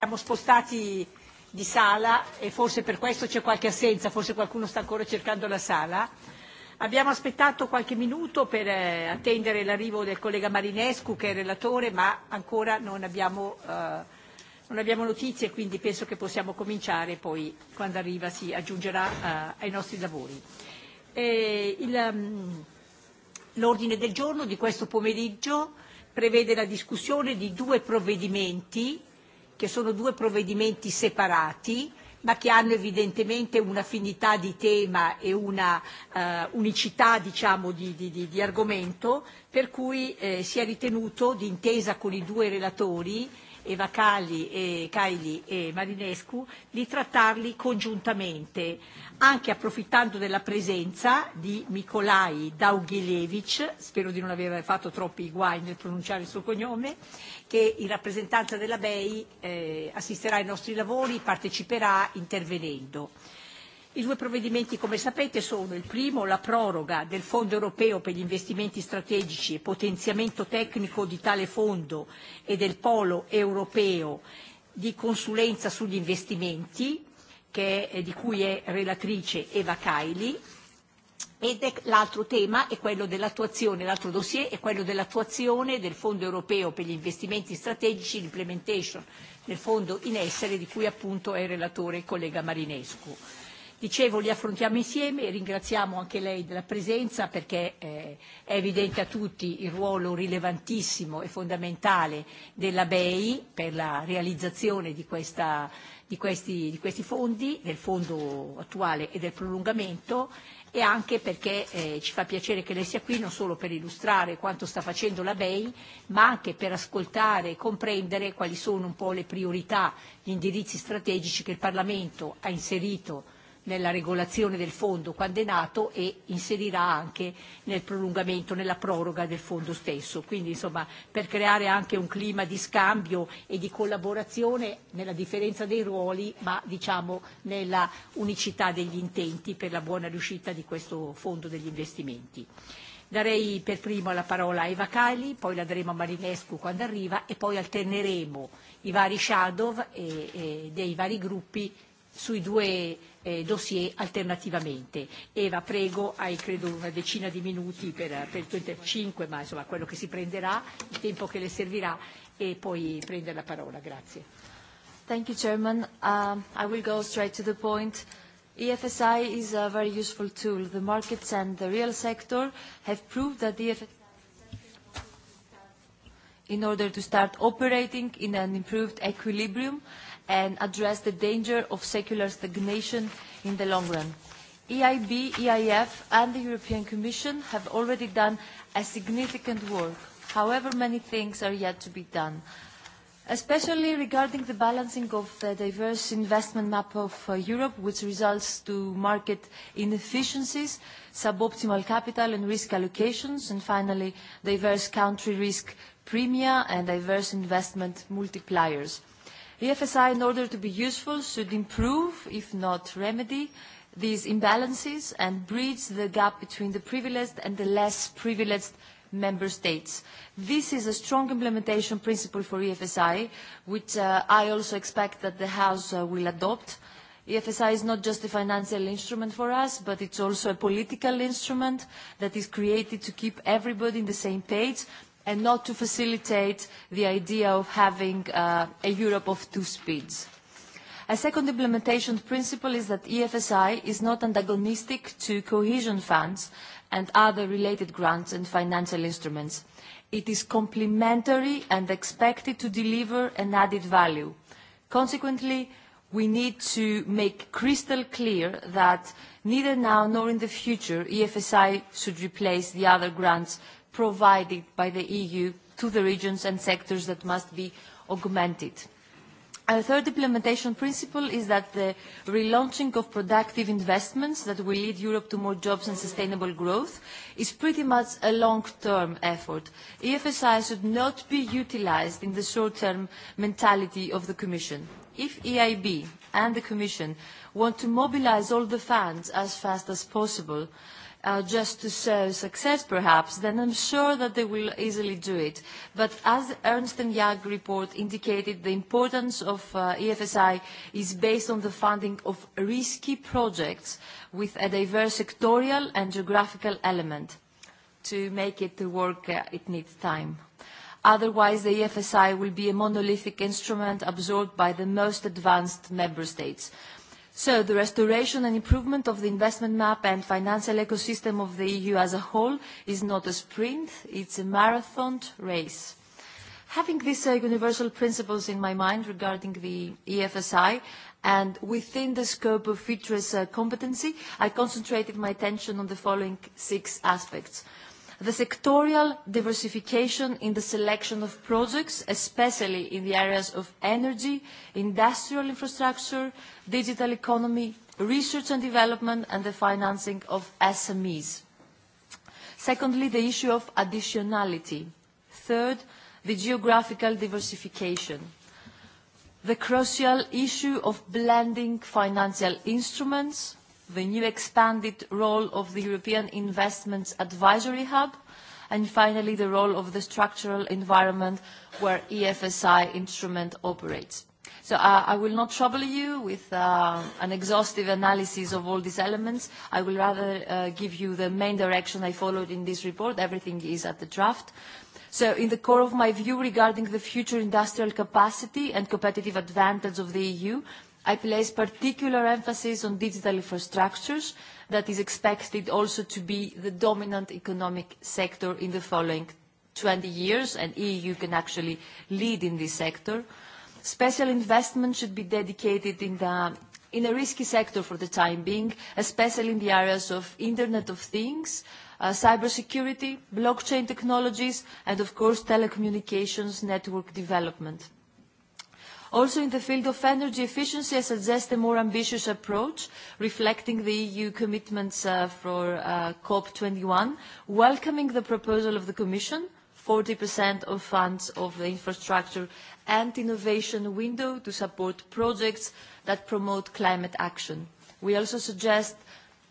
Siamo spostati di sala e forse per questo c'è qualche assenza, forse qualcuno sta ancora cercando la sala. Abbiamo aspettato qualche minuto per eh, attendere l'arrivo del collega Marinescu che è relatore, ma ancora non abbiamo, eh, non abbiamo notizie, quindi penso che possiamo cominciare, poi quando arriva si aggiungerà eh, ai nostri lavori. E il, um, l'ordine del giorno di questo pomeriggio prevede la discussione di due provvedimenti che sono due provvedimenti separati, ma che hanno evidentemente un'affinità di tema e una uh, unicità diciamo, di, di, di argomento, per cui eh, si è ritenuto, d'intesa con i due relatori, Eva Cagli e, Caili e Marinescu, di trattarli congiuntamente, anche approfittando della presenza di Nikolai Daugilevich, spero di non aver fatto troppi guai nel pronunciare il suo cognome, che in rappresentanza della BEI eh, assisterà ai nostri lavori, parteciperà intervenendo. I due provvedimenti, come sapete, sono il primo la proroga del Fondo europeo per gli investimenti strategici e potenziamento tecnico di tale fondo e del polo europeo di consulenza sugli investimenti, che è, eh, di cui è relatrice Eva Kaili, Ed è, l'altro tema è quello dell'attuazione, l'altro dossier è quello dell'attuazione del Fondo europeo per gli investimenti strategici, l'implementation del fondo in essere di cui appunto è relatore il collega Marinescu. Dicevo, li affrontiamo insieme, e ringraziamo anche lei della presenza perché eh, è evidente a tutti il ruolo rilevantissimo e fondamentale della BEI per la realizzazione di, questa, di, questi, di questi fondi, del fondo attuale e del prolungamento e anche perché eh, ci fa piacere che lei sia qui non solo per illustrare quanto sta facendo la BEI, ma anche per ascoltare e comprendere quali sono un po' le priorità, gli indirizzi strategici che il Parlamento ha inserito nella regolazione del fondo quando è nato e inserirà anche nel prolungamento, nella proroga del fondo stesso. Quindi insomma per creare anche un clima di scambio e di collaborazione nella differenza dei ruoli ma diciamo nella unicità degli intenti per la buona riuscita di questo fondo degli investimenti. Darei per primo la parola a Eva Kaili, poi la daremo a Marinescu quando arriva e poi alterneremo i vari shadow e, e dei vari gruppi sui due eh, dossier alternativamente. Eva, prego, hai credo una decina di minuti per, per il tuo inter- 5, ma insomma quello che si prenderà, il tempo che le servirà e poi prendere la parola. Grazie. Thank you, Chairman. Uh, I will go straight to the point. EFSI is a very useful tool. The markets and the real sector have proved that EFSI in order to start operating in an improved equilibrium and address the danger of secular stagnation in the long run. EIB, EIF and the European Commission have already done a significant work. However, many things are yet to be done, especially regarding the balancing of the diverse investment map of uh, Europe, which results to market inefficiencies, suboptimal capital and risk allocations, and finally, diverse country risk premia and diverse investment multipliers. The FSI, in order to be useful, should improve, if not remedy, these imbalances and bridge the gap between the privileged and the less privileged member states. This is a strong implementation principle for EFSI, which uh, I also expect that the House uh, will adopt. EFSI is not just a financial instrument for us, but it's also a political instrument that is created to keep everybody on the same page and not to facilitate the idea of having uh, a Europe of two speeds. A second implementation principle is that EFSI is not antagonistic to cohesion funds and other related grants and financial instruments. It is complementary and expected to deliver an added value. Consequently, we need to make crystal clear that neither now nor in the future EFSI should replace the other grants provided by the EU to the regions and sectors that must be augmented. A third implementation principle is that the relaunching of productive investments that will lead Europe to more jobs and sustainable growth is pretty much a long-term effort. EFSI should not be utilized in the short-term mentality of the Commission. If EIB and the Commission want to mobilize all the funds as fast as possible, uh, just to show success perhaps, then I'm sure that they will easily do it. But as the Ernst Young report indicated, the importance of uh, EFSI is based on the funding of risky projects with a diverse sectorial and geographical element to make it work, uh, it needs time. Otherwise, the EFSI will be a monolithic instrument absorbed by the most advanced member states. So the restoration and improvement of the investment map and financial ecosystem of the EU as a whole is not a sprint, it's a marathon race. Having these uh, universal principles in my mind regarding the EFSI and within the scope of FITRE's uh, competency, I concentrated my attention on the following six aspects. The sectorial diversification in the selection of projects, especially in the areas of energy, industrial infrastructure, digital economy, research and development, and the financing of SMEs. Secondly, the issue of additionality. Third, the geographical diversification. The crucial issue of blending financial instruments, the new expanded role of the European Investment Advisory Hub, and finally the role of the structural environment where EFSI instrument operates. So uh, I will not trouble you with uh, an exhaustive analysis of all these elements. I will rather uh, give you the main direction I followed in this report. Everything is at the draft. So in the core of my view regarding the future industrial capacity and competitive advantage of the EU, I place particular emphasis on digital infrastructures that is expected also to be the dominant economic sector in the following 20 years, and EU can actually lead in this sector. Special investment should be dedicated in, the, in a risky sector for the time being, especially in the areas of Internet of Things, uh, cybersecurity, blockchain technologies, and of course telecommunications network development. Also in the field of energy efficiency, I suggest a more ambitious approach, reflecting the EU commitments uh, for uh, COP21, welcoming the proposal of the Commission, 40% of funds of the infrastructure and innovation window to support projects that promote climate action. We also suggest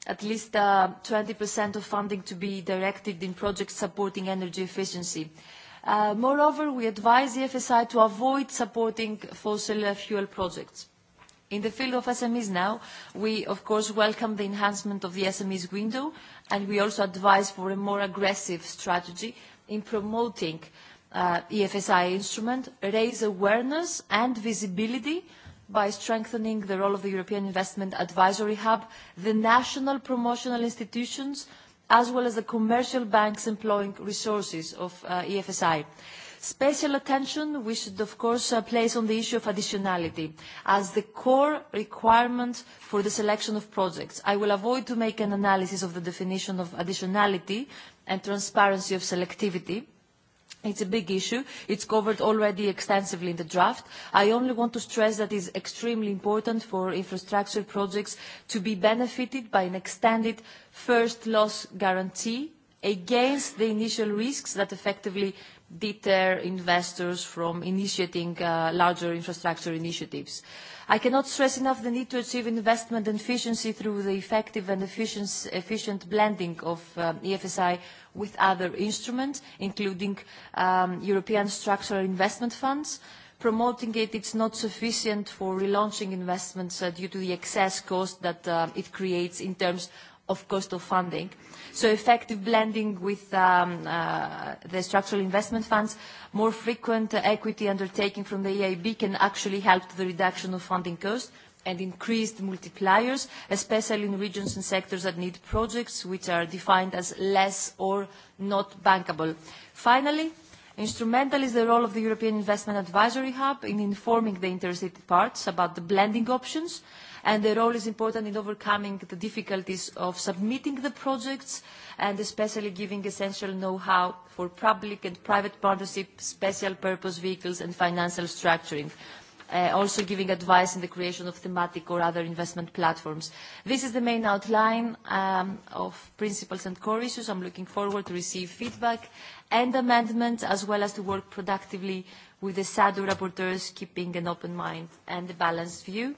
at least uh, 20% of funding to be directed in projects supporting energy efficiency. Uh, moreover, we advise the FSI to avoid supporting fossil fuel projects. In the field of SMEs now, we of course welcome the enhancement of the SMEs window, and we also advise for a more aggressive strategy in promoting uh, EFSI instrument, raise awareness and visibility by strengthening the role of the European Investment Advisory Hub, the national promotional institutions, as well as the commercial banks employing resources of uh, EFSI. Special attention we should of course uh, place on the issue of additionality as the core requirement for the selection of projects. I will avoid to make an analysis of the definition of additionality and transparency of selectivity It's a big issue. It's covered already extensively in the draft. I only want to stress that it's extremely important for infrastructure projects to be benefited by an extended first loss guarantee against the initial risks that effectively deter investors from initiating uh, larger infrastructure initiatives. I cannot stress enough the need to achieve investment efficiency through the effective and efficient blending of uh, EFSI with other instruments, including um, European structural investment funds. Promoting it, it's not sufficient for relaunching investments uh, due to the excess cost that uh, it creates in terms of cost of funding. So effective blending with um, uh, the structural investment funds, more frequent equity undertaking from the EIB can actually help to the reduction of funding costs and increased multipliers, especially in regions and sectors that need projects which are defined as less or not bankable. Finally, Instrumental is the role of the European Investment Advisory Hub in informing the interested parts about the blending options and their role is important in overcoming the difficulties of submitting the projects and especially giving essential know-how for public and private partnership, special purpose vehicles and financial structuring. Uh, also giving advice in the creation of thematic or other investment platforms. This is the main outline um, of principles and core issues. I'm looking forward to receive feedback and amendments, as well as to work productively with the SADU rapporteurs, keeping an open mind and a balanced view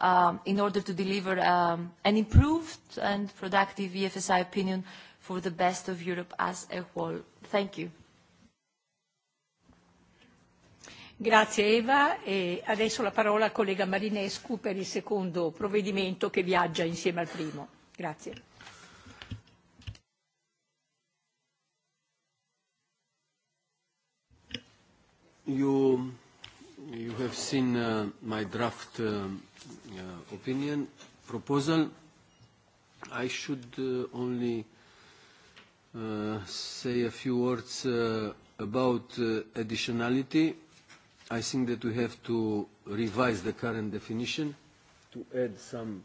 um, in order to deliver um, an improved and productive EFSI opinion for the best of Europe as a whole. Thank you. Grazie Eva e adesso la parola al collega Marinescu per il secondo provvedimento che viaggia insieme al primo. Grazie. You You have seen uh, my draft uh, uh, opinion proposal. I should uh, only uh, say a few words uh, about uh, additionality. I think that we have to revise the current definition to add some,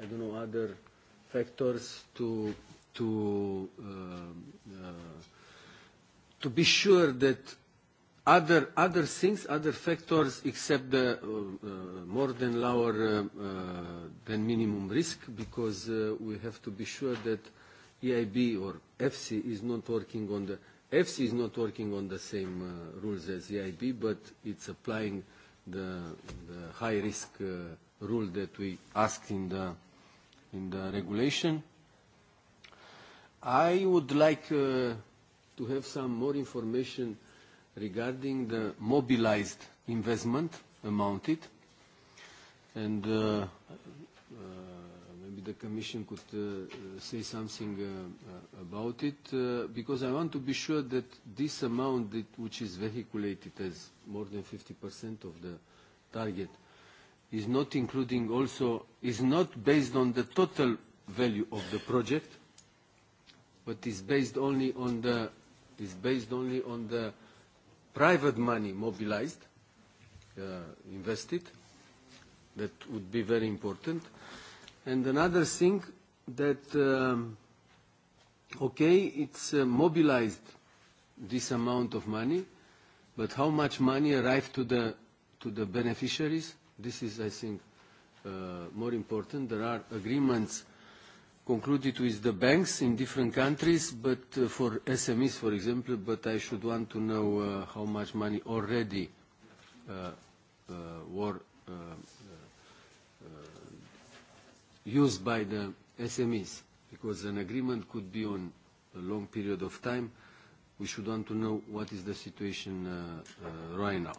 I don't know, other factors to to uh, uh, to be sure that other, other things, other factors except the uh, uh, more than lower uh, uh than minimum risk because uh, we have to be sure that EIB or FC is not working on the FC is not working on the same uh, rules as EIB, but it's applying the, the high risk rule that we asked in the, in the regulation. I would like to have some more information regarding the mobilized investment amounted, and uh, uh, maybe the Commission could uh, say something uh, uh, about it, uh, because I want to be sure that this amount that which is vehiculated as more than 50% of the target is not including also, is not based on the total value of the project, but is based only on the, is based only on the private money mobilized, uh, invested. That would be very important. And another thing that, um, okay, it's uh, mobilized this amount of money, but how much money arrived to the, to the beneficiaries? This is, I think, uh, more important. There are agreements concluded with the banks in different countries, but uh, for SMEs, for example, but I should want to know uh, how much money already uh, uh were uh, uh, used by the SMEs, because an agreement could be on a long period of time. We should want to know what is the situation right now.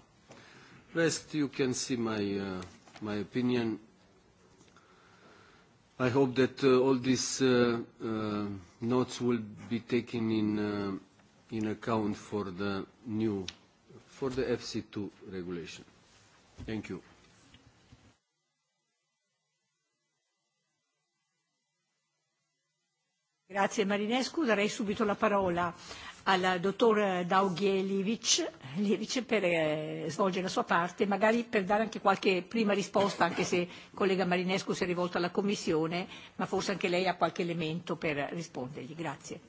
Rest, you can see my, my opinion I hope that uh, all these uh, uh, notes will be taken in, uh, in account for the new, for the FC2 regulation. Thank you. Grazie Marinescu, darei subito la parola al dottor Daughe Lievice per eh, svolgere la sua parte, magari per dare anche qualche prima risposta, anche se il collega Marinescu si è rivolto alla Commissione, ma forse anche lei ha qualche elemento per rispondergli. Grazie.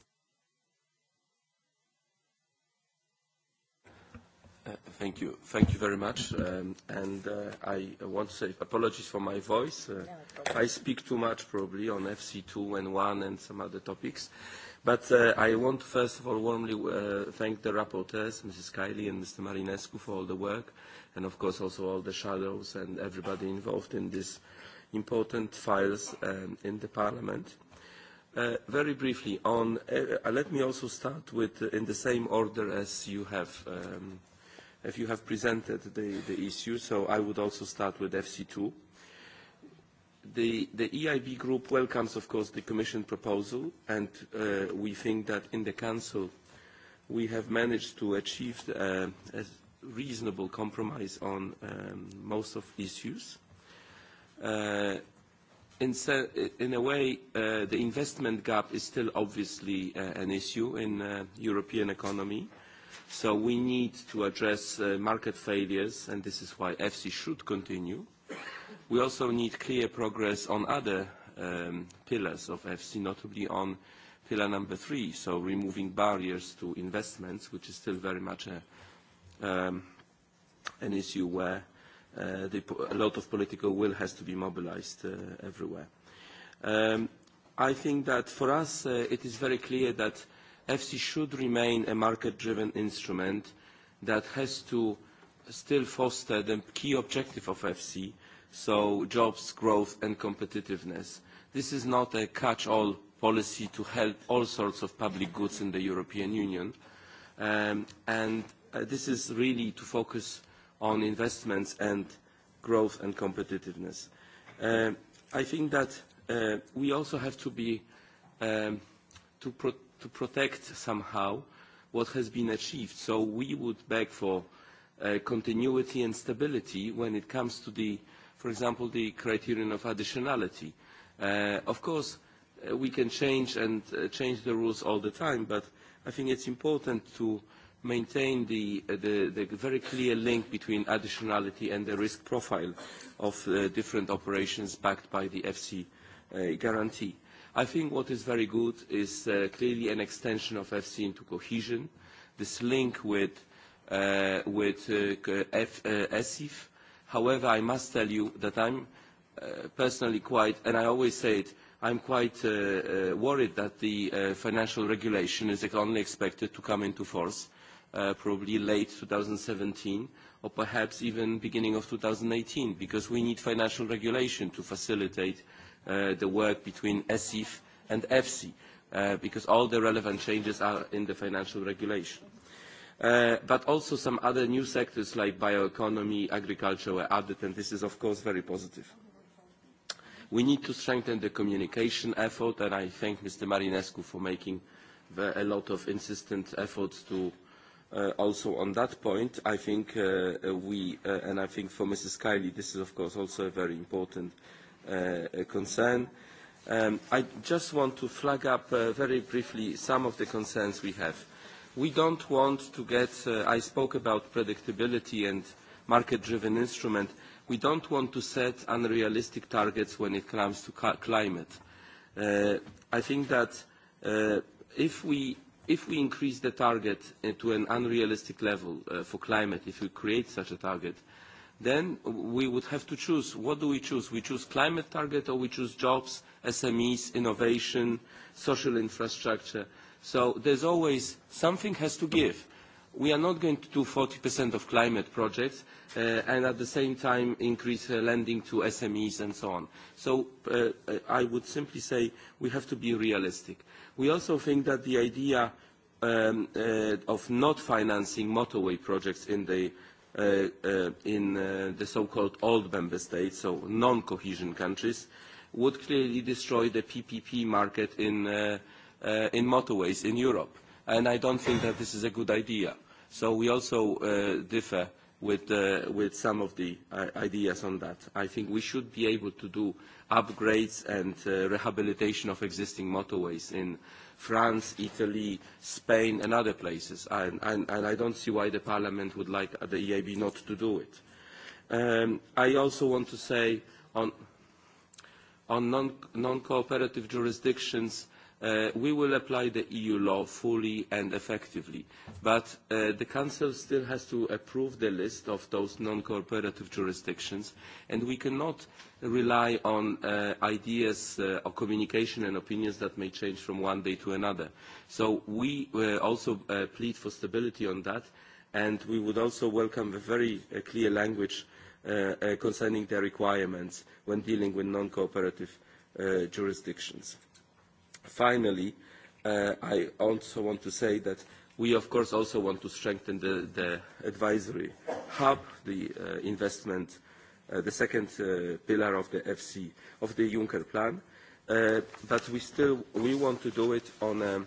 Uh, thank you. Thank you very much. Um, and uh, I want to say apologies for my voice. Uh, no, I speak too much probably on FC2 and 1 and some other topics. Uh, But uh, I want to first of all warmly uh, thank the rapporteurs, Mrs. Kiley and Mr. Marinescu, for all the work, and of course also all the shadows and everybody involved in these important files um, in the Parliament. Uh, very briefly, on, uh, uh, let me also start with, uh, in the same order as you have, um, if you have presented the, the issue, so I would also start with FC2. The, the EIB group welcomes, of course, the Commission proposal, and uh, we think that in the Council we have managed to achieve uh, a reasonable compromise on um, most of issues. Uh, in, in a way, uh, the investment gap is still obviously uh, an issue in uh, European economy. So we need to address uh, market failures, and this is why EFSI should continue. We also need clear progress on other um, pillars of FC, notably on pillar number three, so removing barriers to investments, which is still very much a, um, an issue where uh, the, a lot of political will has to be mobilized uh, everywhere. Um, I think that for us uh, it is very clear that FC should remain a market-driven instrument that has to still foster the key objective of FC, so jobs, growth and competitiveness. This is not a catch-all policy to help all sorts of public goods in the European Union. Um, and uh, this is really to focus on investments and growth and competitiveness. Uh, I think that uh, we also have to be, um, to, pro to protect somehow what has been achieved. So we would beg for uh, continuity and stability when it comes to the uh, for example, the criterion of additionality. Uh, of course, uh, we can change and uh, change the rules all the time, but I think it's important to maintain the, uh, the, the very clear link between additionality and the risk profile of uh, different operations backed by the FC uh, guarantee. I think what is very good is uh, clearly an extension of FC into cohesion, this link with, uh, with uh, F, uh, ESIF, However, I must tell you that I'm uh, personally quite, and I always say it, I'm quite uh, uh, worried that the uh, financial regulation is only expected to come into force uh, probably late 2017 or perhaps even beginning of 2018 because we need financial regulation to facilitate uh, the work between ESIF and FC uh, because all the relevant changes are in the financial regulation. Uh, but also some other new sectors like bioeconomy, agriculture were added, and this is, of course, very positive. We need to strengthen the communication effort, and I thank Mr. Marinescu for making the, a lot of insistent efforts to uh, also on that point. I think uh, we, uh, and I think for Mrs. Kiley, this is, of course, also a very important uh, concern. Um, I just want to flag up uh, very briefly some of the concerns we have we don't want to get, uh, I spoke about predictability and market-driven instrument, we don't want to set unrealistic targets when it comes to climate. Uh, I think that uh, if, we, increase the target to an unrealistic level for climate, if we create such a target, then we would have to choose. What do we choose? We choose climate target or we choose jobs, SMEs, innovation, social infrastructure. So there's always something has to give. We are not going to do 40% of climate projects uh, and at the same time increase uh, lending to SMEs and so on. So uh, uh, I would simply say we have to be realistic. We also think that the idea um, uh, of not financing motorway projects in the Uh, uh, uh, the so-called old member states, so non-cohesion countries, would clearly destroy the PPP market in uh, uh, in motorways in Europe. And I don't think that this is a good idea. So we also uh, differ with, uh, with some of the uh, ideas on that. I think we should be able to do upgrades and uh, rehabilitation of existing motorways in France, Italy, Spain and other places. And, and, and I don't see why the Parliament would like uh, the EIB not to do it. Um, I also want to say on, on non-cooperative non, non jurisdictions, Uh, we will apply the EU law fully and effectively. But uh, the Council still has to approve the list of those non-cooperative jurisdictions, and we cannot rely on uh, ideas uh, or communication and opinions that may change from one day to another. So we uh, also plead for stability on that, and we would also welcome a very clear language concerning the requirements when dealing with non-cooperative jurisdictions. Finally, uh, I also want to say that we, of course, also want to strengthen the, the advisory hub, the uh, investment, uh, the second uh, pillar of the FC, of the Juncker plan. Uh, but we still we want to do it on a,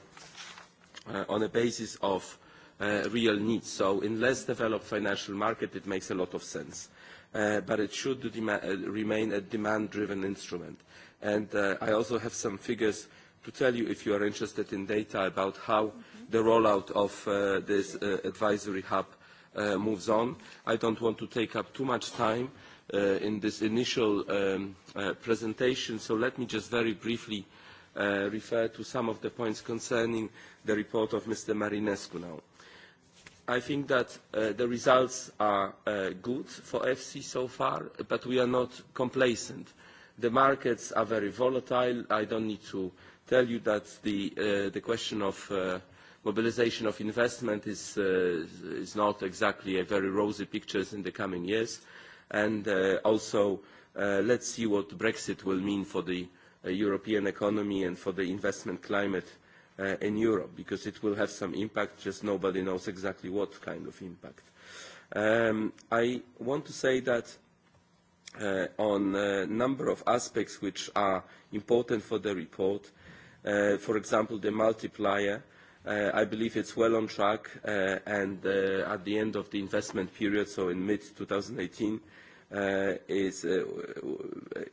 uh, on a basis of uh, real needs. So in less developed financial market, it makes a lot of sense. Uh, but it should uh, remain a demand-driven instrument. And uh, I also have some figures to tell you if you are interested in data about how mm -hmm. the rollout of uh, this uh, advisory hub uh, moves on. I don't want to take up too much time uh, in this initial um, uh, presentation, so let me just very briefly uh, refer to some of the points concerning the report of Mr. Marinescu now. I think that uh, the results are uh, good for FC so far, but we are not complacent. The markets are very volatile. I don't need to uh, tell you that the, uh, the question of uh, mobilization of investment is, uh, is not exactly a very rosy picture in the coming years. And uh, also, uh, let's see what Brexit will mean for the uh, European economy and for the investment climate uh, in Europe, because it will have some impact, just nobody knows exactly what kind of impact. Um, I want to say that uh, on a number of aspects which are important for the report, Uh, for example, the multiplier, uh, I believe it's well on track, uh, and uh, at the end of the investment period, so in mid-2018, uh, is, uh,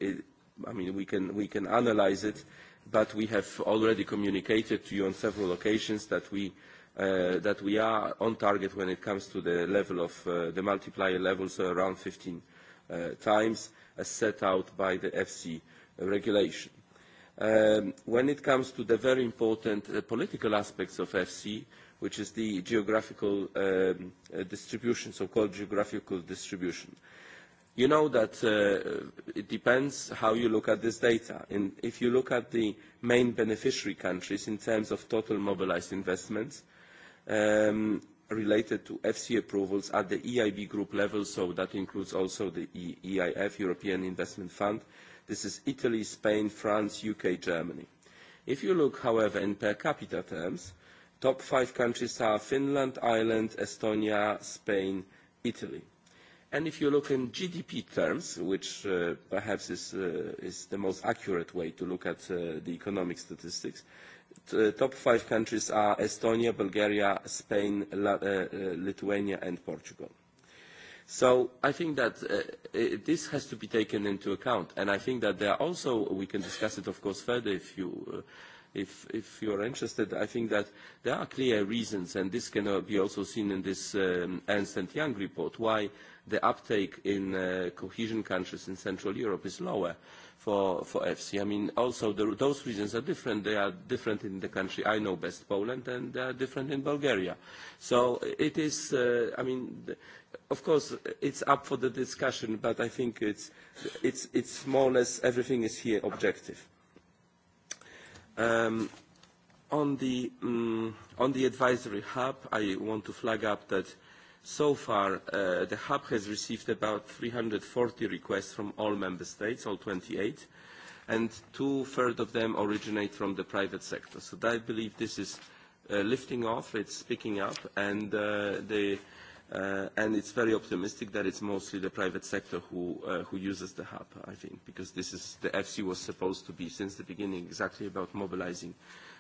it, I mean, we can, we can analyze it, but we have already communicated to you on several occasions that we, uh, that we are on target when it comes to the level of uh, the multiplier level, so around 15 uh, times, as set out by the FC regulation. Um, when it comes to the very important uh, political aspects of FC, which is the geographical um, uh, distribution, so-called geographical distribution, you know that uh, it depends how you look at this data. In, if you look at the main beneficiary countries in terms of total mobilized investments um, related to FC approvals at the EIB group level, so that includes also the EIF, European Investment Fund, uh, This is Italy, Spain, France, UK, Germany. If you look, however, in per capita terms, top five countries are Finland, Ireland, Estonia, Spain, Italy. And if you look in GDP terms, which uh, perhaps is, uh, is the most accurate way to look at uh, the economic statistics, the uh, top five countries are Estonia, Bulgaria, Spain, La uh, uh, Lithuania and Portugal. So I think that uh, it, uh, this has to be taken into account, and I think that there are also we can discuss it, of course, further if you. Uh, if, if you are interested, I think that there are clear reasons, and this can uh, be also seen in this um, Ernst Young report, why the uptake in uh, cohesion countries in Central Europe is lower. Uh, for, for EFSI. I mean, also the, those regions are different. They are different in the country I know best, Poland, and they are different in Bulgaria. So it is, uh, I mean, of course, it's up for the discussion, but I think it's, it's, it's more or less everything is here objective. Um, on, the, um, on the advisory hub, I want to flag up that So far, uh, the hub has received about 340 requests from all member states, all 28, and two-thirds of them originate from the private sector. So I believe this is uh, lifting off, it's picking up, and, uh, the, uh, and it's very optimistic that it's mostly the private sector who, uh, who uses the hub, I think, because this is, the FC was supposed to be, since the beginning, exactly about mobilizing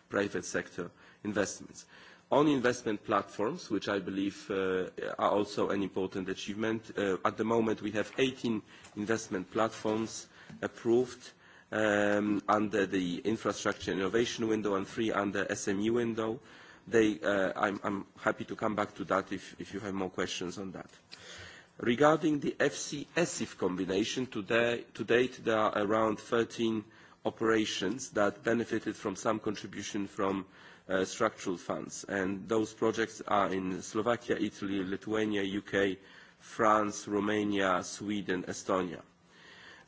private sector investments. On investment platforms, which I believe uh, are also an important achievement, uh, at the moment we have 18 investment platforms approved um, under the infrastructure innovation window and three under SME window. They, uh, I'm, I'm happy to come back to that if, if you have more questions on that. Regarding the FC-ESIF combination, today, to date there are around 13 operations that benefited from some contribution from uh, uh, structural funds. And those projects are in Slovakia, Italy, Lithuania, UK, France, Romania, Sweden, Estonia.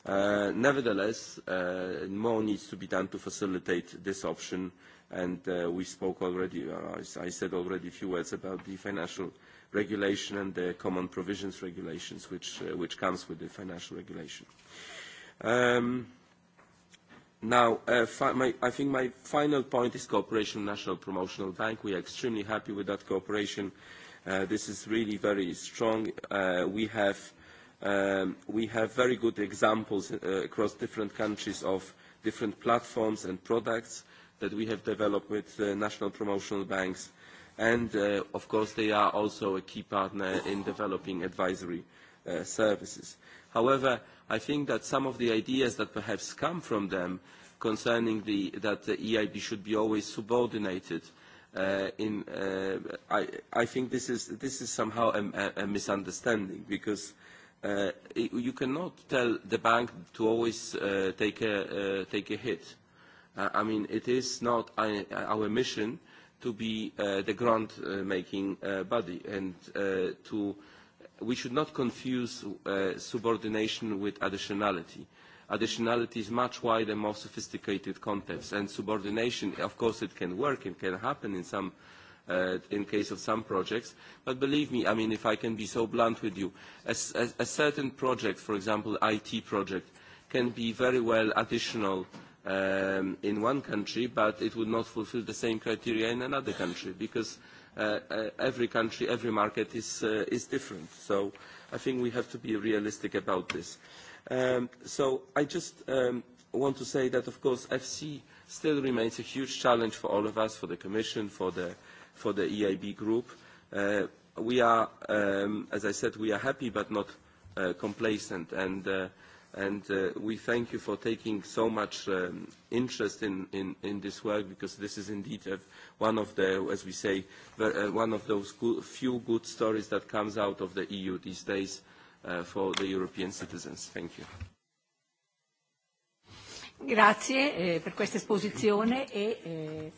Uh, nevertheless, uh, more needs to be done to facilitate this option, and uh, we spoke already, uh, I said already a few words about the financial regulation and the common provisions regulations, which, uh, which comes with the financial regulation. Um, Now, uh, I think my final point is cooperation with National Promotional Bank. We are extremely happy with that cooperation. Uh, this is really very strong. Uh, we, have, um, we have very good examples uh, across different countries of different platforms and products that we have developed with national promotional banks. And, uh, of course, they are also a key partner in developing advisory services. However, I think that some of the ideas that perhaps come from them concerning the, that the EIB should be always subordinated uh, in, uh, I, I think this is, this is somehow a, a misunderstanding because uh, it, you cannot tell the bank to always uh, take, a, uh, take a hit. Uh, I mean, it is not our mission to be uh, the grant-making uh, uh, body and uh, to uh, we should not confuse uh, subordination with additionality. Additionality is much wider, more sophisticated context, and subordination, of course, it can work, it can happen in some uh, in case of some projects, but believe me, I mean, if I can be so blunt with you, a, a, a certain project, for example, IT project, can be very well additional um, in one country, but it would not fulfill the same criteria in another country, because Uh, uh, every country, every market is, uh, is different. So I think we have to be realistic about this. Um, so I just um, want to say that, of course, FC still remains a huge challenge for all of us, for the Commission, for the, for the EIB group. Uh, we are, um, as I said, we are happy but not uh, complacent. And uh, And uh, we thank you for taking so much um, interest in, in, in this work because this is indeed a, one of the, as we say, the, uh, one of those good, few good stories that comes out of the EU these days uh, for the European citizens. Thank you. Grazie eh, per questa esposizione e eh,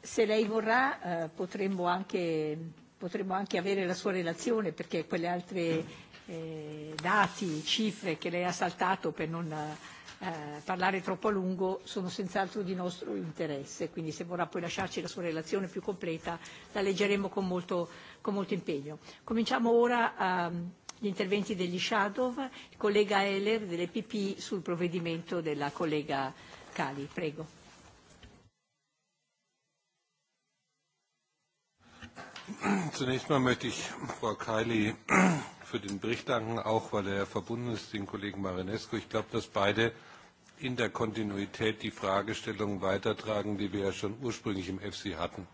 se lei vorrà eh, potremmo, anche, potremmo anche avere la sua relazione perché quelle altre eh, dati, cifre che lei ha saltato per non eh, parlare troppo a lungo sono senz'altro di nostro interesse, quindi se vorrà poi lasciarci la sua relazione più completa la leggeremo con molto, con molto impegno. Cominciamo ora ehm, gli interventi degli Shadow, il collega Heller dell'EPP sul provvedimento della collega Cali. Prego. Zunächst mal möchte ich Frau Kaili für den Bericht danken, auch weil er verbunden ist, den Kollegen Marinescu. Ich glaube, dass beide in der Kontinuität die Fragestellungen weitertragen, die wir ja schon ursprünglich im EFSI hatten.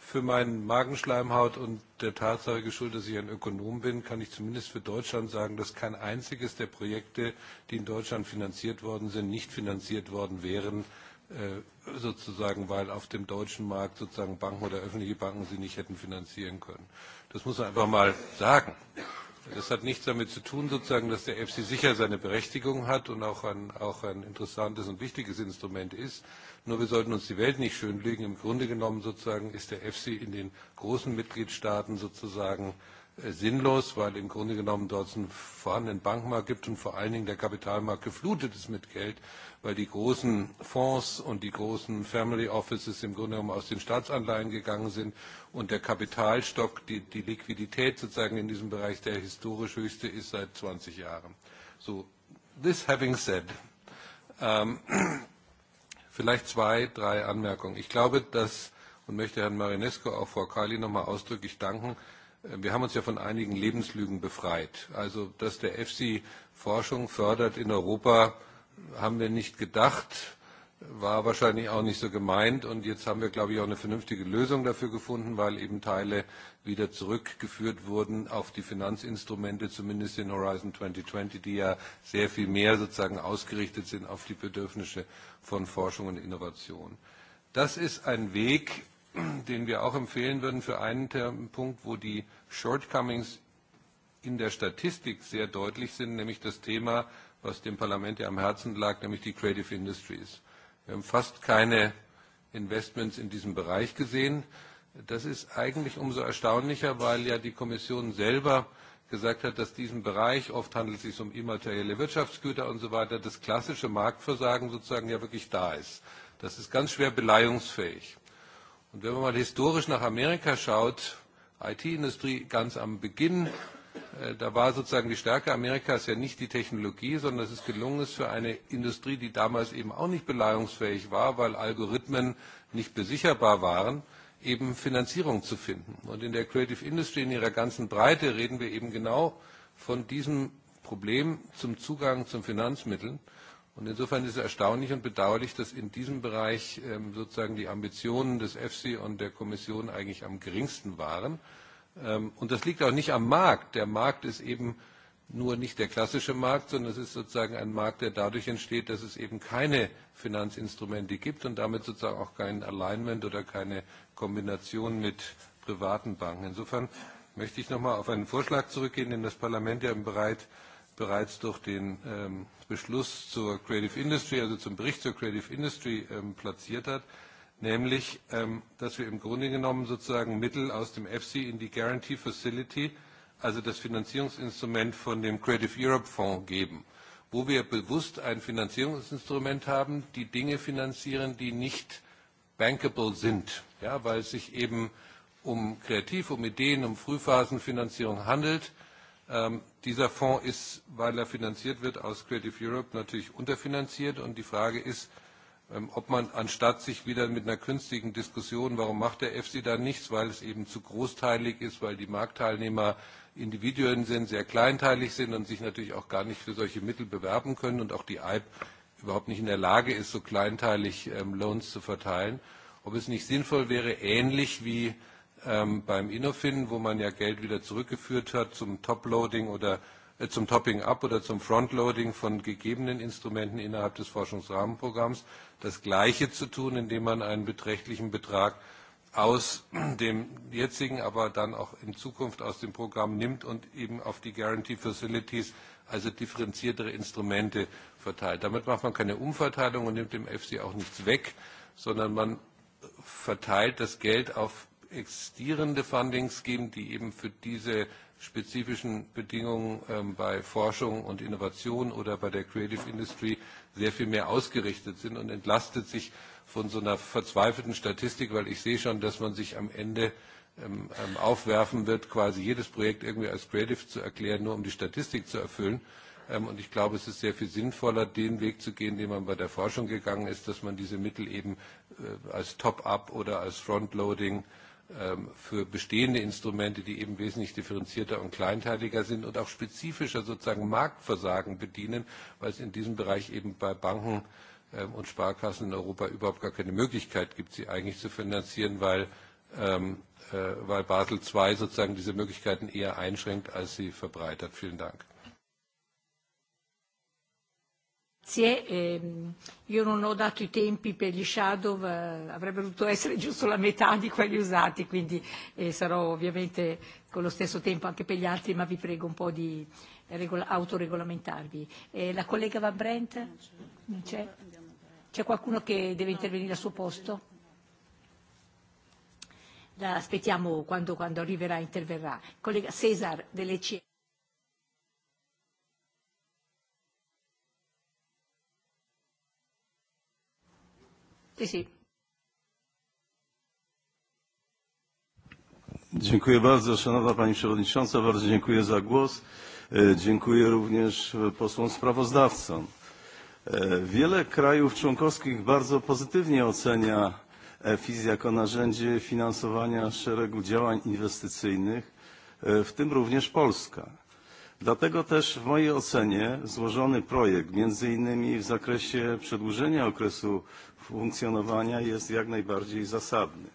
Für meinen Magenschleimhaut und der Tatsache geschuldet, dass ich ein Ökonom bin, kann ich zumindest für Deutschland sagen, dass kein einziges der Projekte, die in Deutschland finanziert worden sind, nicht finanziert worden wären, äh, sozusagen, weil auf dem deutschen Markt sozusagen Banken oder öffentliche Banken sie nicht hätten finanzieren können. Das muss man einfach mal sagen. Das hat nichts damit zu tun, sozusagen, dass der EFSI sicher seine Berechtigung hat und auch ein, auch ein interessantes und wichtiges Instrument ist. Nur wir sollten uns die Welt nicht schönlügen. Im Grunde genommen sozusagen ist der EFSI in den großen Mitgliedstaaten sozusagen sinnlos, weil im Grunde genommen dort einen vorhandenen Bankenmarkt gibt und vor allen Dingen der Kapitalmarkt geflutet ist mit Geld, weil die großen Fonds und die großen Family Offices im Grunde genommen aus den Staatsanleihen gegangen sind und der Kapitalstock, die, die Liquidität sozusagen in diesem Bereich der historisch höchste ist seit 20 Jahren. So, this having said, ähm, vielleicht zwei, drei Anmerkungen. Ich glaube, dass und möchte Herrn Marinesco auch Frau Kali nochmal ausdrücklich danken, wir haben uns ja von einigen Lebenslügen befreit. Also, dass der EFSI Forschung fördert in Europa, haben wir nicht gedacht, war wahrscheinlich auch nicht so gemeint. Und jetzt haben wir, glaube ich, auch eine vernünftige Lösung dafür gefunden, weil eben Teile wieder zurückgeführt wurden auf die Finanzinstrumente, zumindest in Horizon 2020, die ja sehr viel mehr sozusagen ausgerichtet sind auf die Bedürfnisse von Forschung und Innovation. Das ist ein Weg, den wir auch empfehlen würden für einen Punkt, wo die Shortcomings in der Statistik sehr deutlich sind, nämlich das Thema, was dem Parlament ja am Herzen lag, nämlich die Creative Industries. Wir haben fast keine Investments in diesem Bereich gesehen. Das ist eigentlich umso erstaunlicher, weil ja die Kommission selber gesagt hat, dass diesem Bereich, oft handelt es sich um immaterielle Wirtschaftsgüter und so weiter, das klassische Marktversagen sozusagen ja wirklich da ist. Das ist ganz schwer beleihungsfähig. Und wenn man mal historisch nach Amerika schaut, IT-Industrie ganz am Beginn, äh, da war sozusagen die Stärke Amerikas ja nicht die Technologie, sondern es ist gelungen, es für eine Industrie, die damals eben auch nicht beleihungsfähig war, weil Algorithmen nicht besicherbar waren, eben Finanzierung zu finden. Und in der Creative Industry in ihrer ganzen Breite reden wir eben genau von diesem Problem zum Zugang zu Finanzmitteln. Und insofern ist es erstaunlich und bedauerlich, dass in diesem Bereich ähm, sozusagen die Ambitionen des EFSI und der Kommission eigentlich am geringsten waren. Ähm, und das liegt auch nicht am Markt. Der Markt ist eben nur nicht der klassische Markt, sondern es ist sozusagen ein Markt, der dadurch entsteht, dass es eben keine Finanzinstrumente gibt und damit sozusagen auch kein Alignment oder keine Kombination mit privaten Banken. Insofern möchte ich nochmal auf einen Vorschlag zurückgehen, den das Parlament ja bereits bereits durch den ähm, Beschluss zur Creative Industry, also zum Bericht zur Creative Industry ähm, platziert hat, nämlich, ähm, dass wir im Grunde genommen sozusagen Mittel aus dem EFSI in die Guarantee Facility, also das Finanzierungsinstrument von dem Creative Europe Fonds geben, wo wir bewusst ein Finanzierungsinstrument haben, die Dinge finanzieren, die nicht bankable sind, ja, weil es sich eben um Kreativ, um Ideen, um Frühphasenfinanzierung handelt – Ähm, dieser Fonds ist, weil er finanziert wird aus Creative Europe, natürlich unterfinanziert. Und die Frage ist, ähm, ob man anstatt sich wieder mit einer künstlichen Diskussion, warum macht der EFSI da nichts, weil es eben zu großteilig ist, weil die Marktteilnehmer Individuen sind, sehr kleinteilig sind und sich natürlich auch gar nicht für solche Mittel bewerben können und auch die EIB überhaupt nicht in der Lage ist, so kleinteilig ähm, Loans zu verteilen, ob es nicht sinnvoll wäre, ähnlich wie ähm, beim Innofin, wo man ja Geld wieder zurückgeführt hat zum Toploading oder äh, zum Topping up oder zum Frontloading von gegebenen Instrumenten innerhalb des Forschungsrahmenprogramms, das Gleiche zu tun, indem man einen beträchtlichen Betrag aus dem jetzigen, aber dann auch in Zukunft aus dem Programm nimmt und eben auf die Guarantee Facilities, also differenziertere Instrumente verteilt. Damit macht man keine Umverteilung und nimmt dem EFSI auch nichts weg, sondern man verteilt das Geld auf existierende Fundings geben, die eben für diese spezifischen Bedingungen ähm, bei Forschung und Innovation oder bei der Creative Industry sehr viel mehr ausgerichtet sind und entlastet sich von so einer verzweifelten Statistik, weil ich sehe schon, dass man sich am Ende ähm, ähm, aufwerfen wird, quasi jedes Projekt irgendwie als Creative zu erklären, nur um die Statistik zu erfüllen. Ähm, und ich glaube, es ist sehr viel sinnvoller, den Weg zu gehen, den man bei der Forschung gegangen ist, dass man diese Mittel eben äh, als Top-up oder als Frontloading äh, Ähm, für bestehende Instrumente, die eben wesentlich differenzierter und kleinteiliger sind und auch spezifischer sozusagen Marktversagen bedienen, weil es in diesem Bereich eben bei Banken ähm, und Sparkassen in Europa überhaupt gar keine Möglichkeit gibt, sie eigentlich zu finanzieren, weil, ähm, äh, weil Basel II sozusagen diese Möglichkeiten eher einschränkt, als sie verbreitert. Vielen Dank. Grazie. Eh, io non ho dato i tempi per gli shadow, eh, avrebbe dovuto essere giusto la metà di quelli usati, quindi eh, sarò ovviamente con lo stesso tempo anche per gli altri, ma vi prego un po' di regol- autoregolamentarvi. Eh, la collega Van Brent? Non c'è? C'è qualcuno che deve intervenire al suo posto? La aspettiamo quando, quando arriverà, interverrà. Collega Cesar delle CE. Tisi. Dziękuję bardzo, szanowna pani przewodnicząca, bardzo dziękuję za głos. Dziękuję również posłom sprawozdawcom. Wiele krajów członkowskich bardzo pozytywnie ocenia EFIS jako narzędzie finansowania szeregu działań inwestycyjnych, w tym również Polska. Dlatego też w mojej ocenie złożony projekt, między innymi w zakresie przedłużenia okresu funkcjonowania jest jak najbardziej zasadny.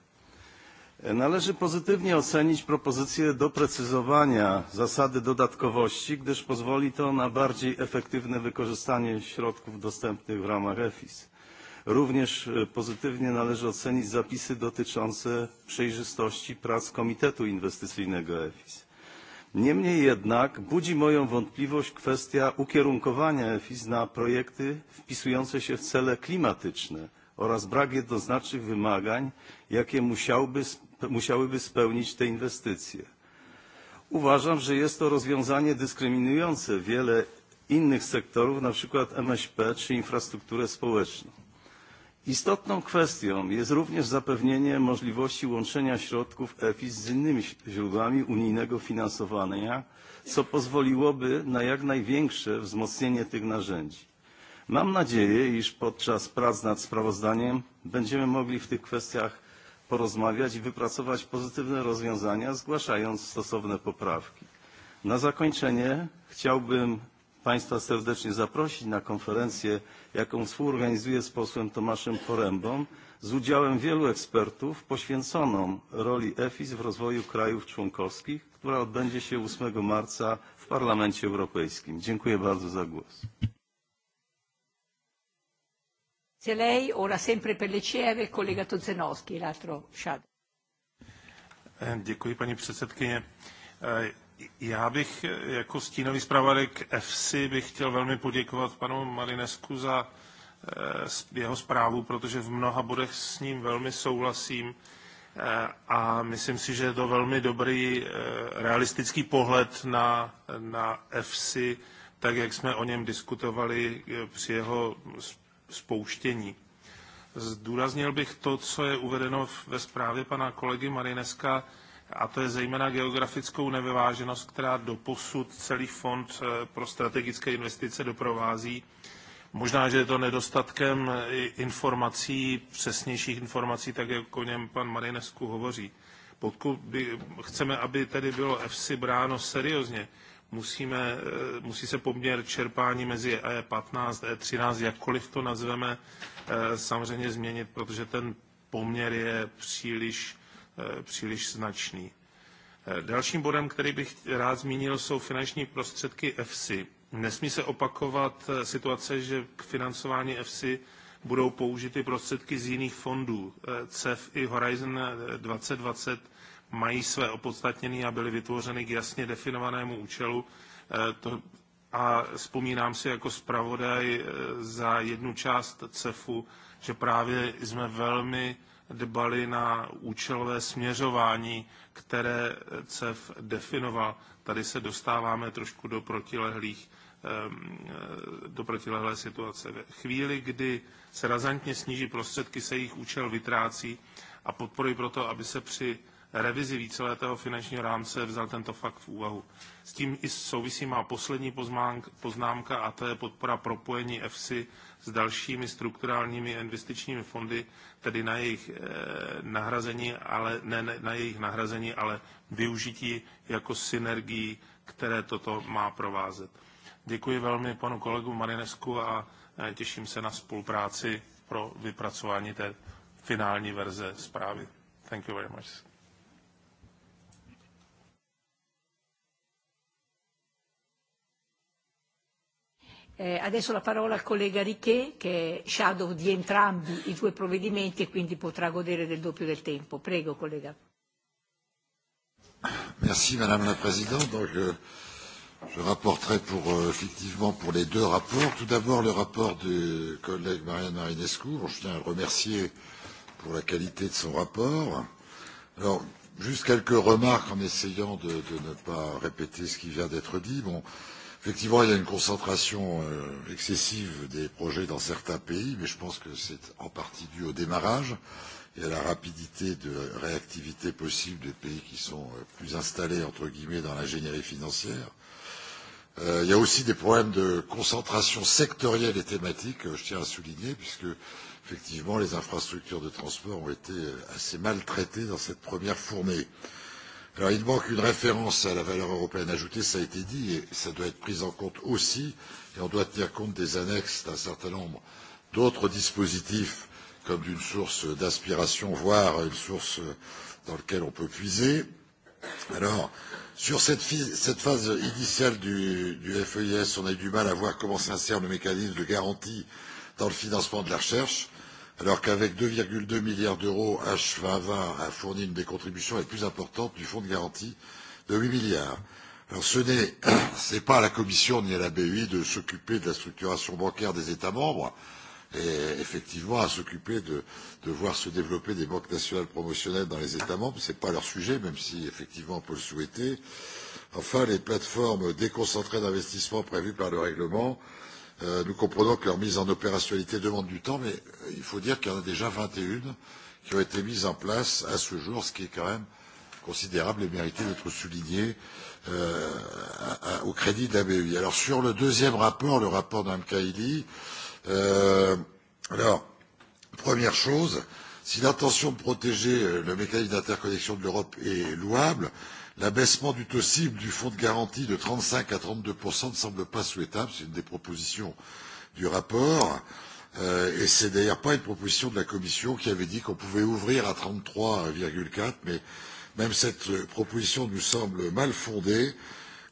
Należy pozytywnie ocenić propozycję doprecyzowania zasady dodatkowości, gdyż pozwoli to na bardziej efektywne wykorzystanie środków dostępnych w ramach EFIS. Również pozytywnie należy ocenić zapisy dotyczące przejrzystości prac Komitetu Inwestycyjnego EFIS. Niemniej jednak budzi moją wątpliwość kwestia ukierunkowania EFIS na projekty wpisujące się w cele klimatyczne oraz brak jednoznacznych wymagań, jakie musiałby, musiałyby spełnić te inwestycje. Uważam, że jest to rozwiązanie dyskryminujące wiele innych sektorów, na przykład MŚP czy infrastrukturę społeczną. Istotną kwestią jest również zapewnienie możliwości łączenia środków EFIS z innymi źródłami unijnego finansowania, co pozwoliłoby na jak największe wzmocnienie tych narzędzi. Mam nadzieję, iż podczas prac nad sprawozdaniem będziemy mogli w tych kwestiach porozmawiać i wypracować pozytywne rozwiązania, zgłaszając stosowne poprawki. Na zakończenie chciałbym Państwa serdecznie zaprosić na konferencję, jaką współorganizuję z posłem Tomaszem Porębą, z udziałem wielu ekspertów poświęconą roli EFIS w rozwoju krajów członkowskich, która odbędzie się 8 marca w Parlamencie Europejskim. Dziękuję bardzo za głos. Se lei ora Já bych eh, jako stínový zpravodaj k EFSI bych chtěl velmi poděkovat panu Marinesku za eh, jeho zprávu, protože v mnoha bodech s ním velmi souhlasím eh, a myslím si, že je to velmi dobrý realistický pohled na, na EFSI, tak jak jsme o něm diskutovali při jeho spouštění. Zdůraznil bych to, co je uvedeno ve zprávě pana kolegy Marineska, a to je zejména geografickou nevyváženost, která doposud celý fond eh, pro strategické investice doprovází. Možná, že je to nedostatkem eh, informací, přesnějších informací, tak jak o něm pan Marinesku hovoří. Pokud by, chceme, aby tedy bylo EFSI bráno seriózně, musíme, eh, musí se poměr čerpání mezi E15 E13, jakkoliv to nazveme, samozřejmě změnit, protože ten poměr je příliš Eh, příliš značný. Eh, dalším bodem, který bych rád zmínil, jsou finanční prostředky EFSI. Nesmí se opakovat eh, situace, že k financování EFSI budou použity prostředky z jiných fondů. CEF i Horizon 2020 mají své opodstatnění a byly vytvořeny k jasně definovanému účelu. a vzpomínám si jako zpravodaj za jednu část CEFu, že právě jsme velmi dbali na účelové směřování, které CEF definoval. Tady se dostáváme trošku do protilehlých do protilehlé situace. Ve chvíli, kdy se razantně sníží prostředky, se jejich účel vytrácí a pro proto, aby se při revizi víceletého finančního rámce vzal tento fakt v úvahu. S tím i souvisí má poslední poznámka a to je podpora propojení EFSI s dalšími strukturálními investičními fondy, tedy na jejich eh, nahrazení, ale ne, na jejich nahrazení, ale využití jako synergii, které toto má provázet. Děkuji velmi panu kolegu Marinesku a eh, těším se na spolupráci pro vypracování té finální verze zprávy. Thank you very much. Eh, adesso la parola al collega Richet, che è shadow di entrambi i due provvedimenti e quindi potrà godere del doppio del tempo. Prego, collega. Merci, Madame la Présidente. Donc, euh, je rapporterai pour, euh, effectivement pour les deux rapports. Tout d'abord, le rapport du collègue Marianne Marinescu. Bon, je tiens à le remercier pour la qualité de son rapport. Alors, juste quelques remarques en essayant de, de ne pas répéter ce qui vient d'être dit. Bon, euh, Effectivement, il y a une concentration euh, excessive des projets dans certains pays, mais je pense que c'est en partie dû au démarrage et à la rapidité de réactivité possible des pays qui sont euh, plus installés, entre guillemets, dans l'ingénierie financière. Euh, il y a aussi des problèmes de concentration sectorielle et thématique, euh, je tiens à souligner, puisque effectivement les infrastructures de transport ont été euh, assez mal traitées dans cette première fournée. Euh, Alors il manque une référence à la valeur européenne ajoutée, ça a été dit, et ça doit être pris en compte aussi, et on doit tenir compte des annexes d'un certain nombre d'autres dispositifs comme d'une source d'inspiration, voire une source dans laquelle on peut puiser. Alors, sur cette, cette phase initiale du, du FEIS, on a eu du mal à voir comment s'insère le mécanisme de garantie dans le financement de la recherche alors qu'avec 2,2 milliards d'euros, H2020 a fourni une des contributions les plus importantes du fonds de garantie de 8 milliards. Alors ce n'est pas à la Commission ni à la BEI de s'occuper de la structuration bancaire des États membres, et effectivement à s'occuper de, de voir se développer des banques nationales promotionnelles dans les États membres. Ce n'est pas leur sujet, même si effectivement on peut le souhaiter. Enfin, les plateformes déconcentrées d'investissement prévues par le règlement Euh, nous comprenons que leur mise en opérationnalité demande du temps, mais euh, il faut dire qu'il y en a déjà 21 qui ont été mises en place à ce jour, ce qui est quand même considérable et méritait d'être souligné euh, à, à, au crédit de la BEI. Alors sur le deuxième rapport, le rapport d'Amkaili, euh, alors, première chose, si l'intention de protéger euh, le mécanisme d'interconnexion de l'Europe est louable, euh, L'abaissement du taux cible du fonds de garantie de 35 à 32 ne semble pas souhaitable. C'est une des propositions du rapport. Euh, et c'est d'ailleurs pas une proposition de la Commission qui avait dit qu'on pouvait ouvrir à 33,4, mais même cette proposition nous semble mal fondée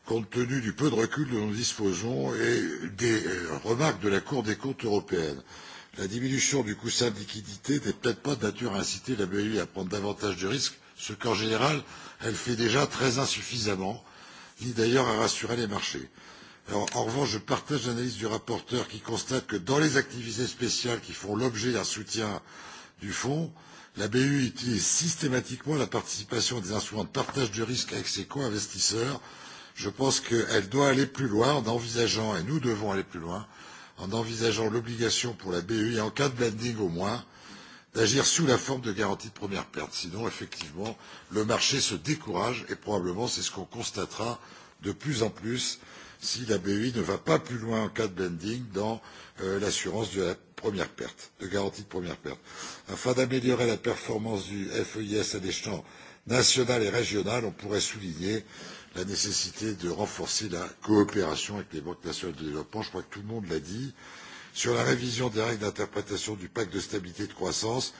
compte tenu du peu de recul dont nous disposons et des euh, remarques de la Cour des comptes européenne. La diminution du coussin de liquidité n'est peut-être pas de nature à inciter la BEI à prendre davantage de risques ce qu'en général elle fait déjà très insuffisamment, ni d'ailleurs à rassurer les marchés. Alors, en revanche, je partage l'analyse du rapporteur qui constate que dans les activités spéciales qui font l'objet d'un soutien du fonds, la BU utilise systématiquement la participation des instruments de partage de risque avec ses co-investisseurs. Je pense qu'elle doit aller plus loin en envisageant, et nous devons aller plus loin, en envisageant l'obligation pour la BEI, en cas de blending au moins, d'agir sous la forme de garantie de première perte. Sinon, effectivement, le marché se décourage et probablement c'est ce qu'on constatera de plus en plus si la BEI ne va pas plus loin en cas de blending dans euh, l'assurance de la première perte, de garantie de première perte. Afin d'améliorer la performance du FEIS à l'échelon national et régional, on pourrait souligner la nécessité de renforcer la coopération avec les banques nationales de développement. Je crois que tout le monde l'a dit. Euh, Sur la révision des règles d'interprétation du pacte de stabilité et de croissance,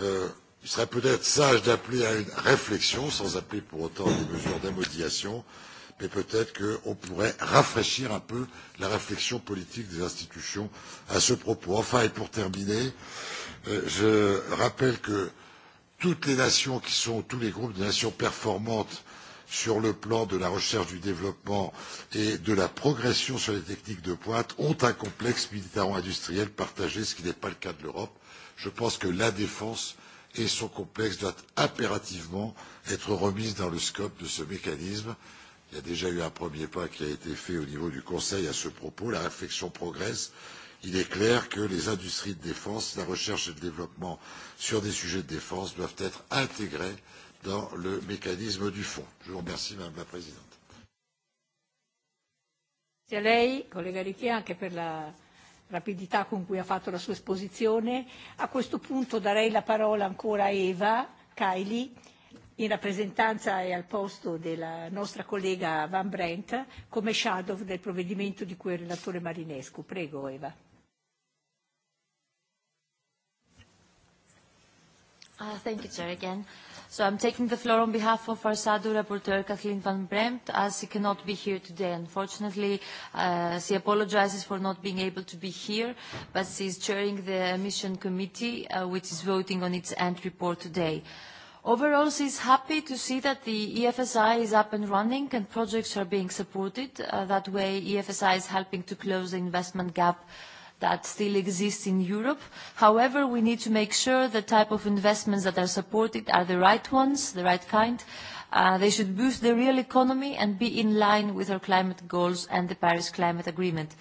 euh, il serait peut-être sage d'appeler à une réflexion, sans appeler pour autant à des mesures d'amodiation, mais peut-être qu'on pourrait rafraîchir un peu la réflexion politique des institutions à ce propos. Enfin, et pour terminer, euh, je rappelle que toutes les nations qui sont, tous les groupes de nations performantes sur le plan de la recherche, du développement et de la progression sur les techniques de pointe ont un complexe militaro-industriel partagé, ce qui n'est pas le cas de l'Europe. Je pense que la défense et son complexe doivent impérativement être remises dans le scope de ce mécanisme. Il y a déjà eu un premier pas qui a été fait au niveau du Conseil à ce propos. La réflexion progresse. Il est clair que les industries de défense, la recherche et le développement sur des sujets de défense doivent être intégrés dans le mécanisme du fonds. Je vous remercie, Madame la Présidente. Merci à lei, collègue Riquet, anche per la rapidità con cui ha fatto la sua esposizione. A questo punto darei la parola ancora a Eva Kaili, in rappresentanza e al posto della nostra collega Van Brent, come shadow del provvedimento di cui è relatore Marinescu. Prego Eva. Uh, thank you, Chair, again. So I'm taking the floor on behalf of our SADU rapporteur, Kathleen van Bremt, as she cannot be here today. Unfortunately, uh, she apologizes for not being able to be here, but she is chairing the mission committee, uh, which is voting on its end report today. Overall, she is happy to see that the EFSI is up and running and projects are being supported. Uh, that way, EFSI is helping to close the investment gap uh, that still exists in Europe. However, we need to make sure the type of investments that are supported are the right ones, the right kind. Uh, they should boost the real economy and be in line with our climate goals and the Paris Climate Agreement.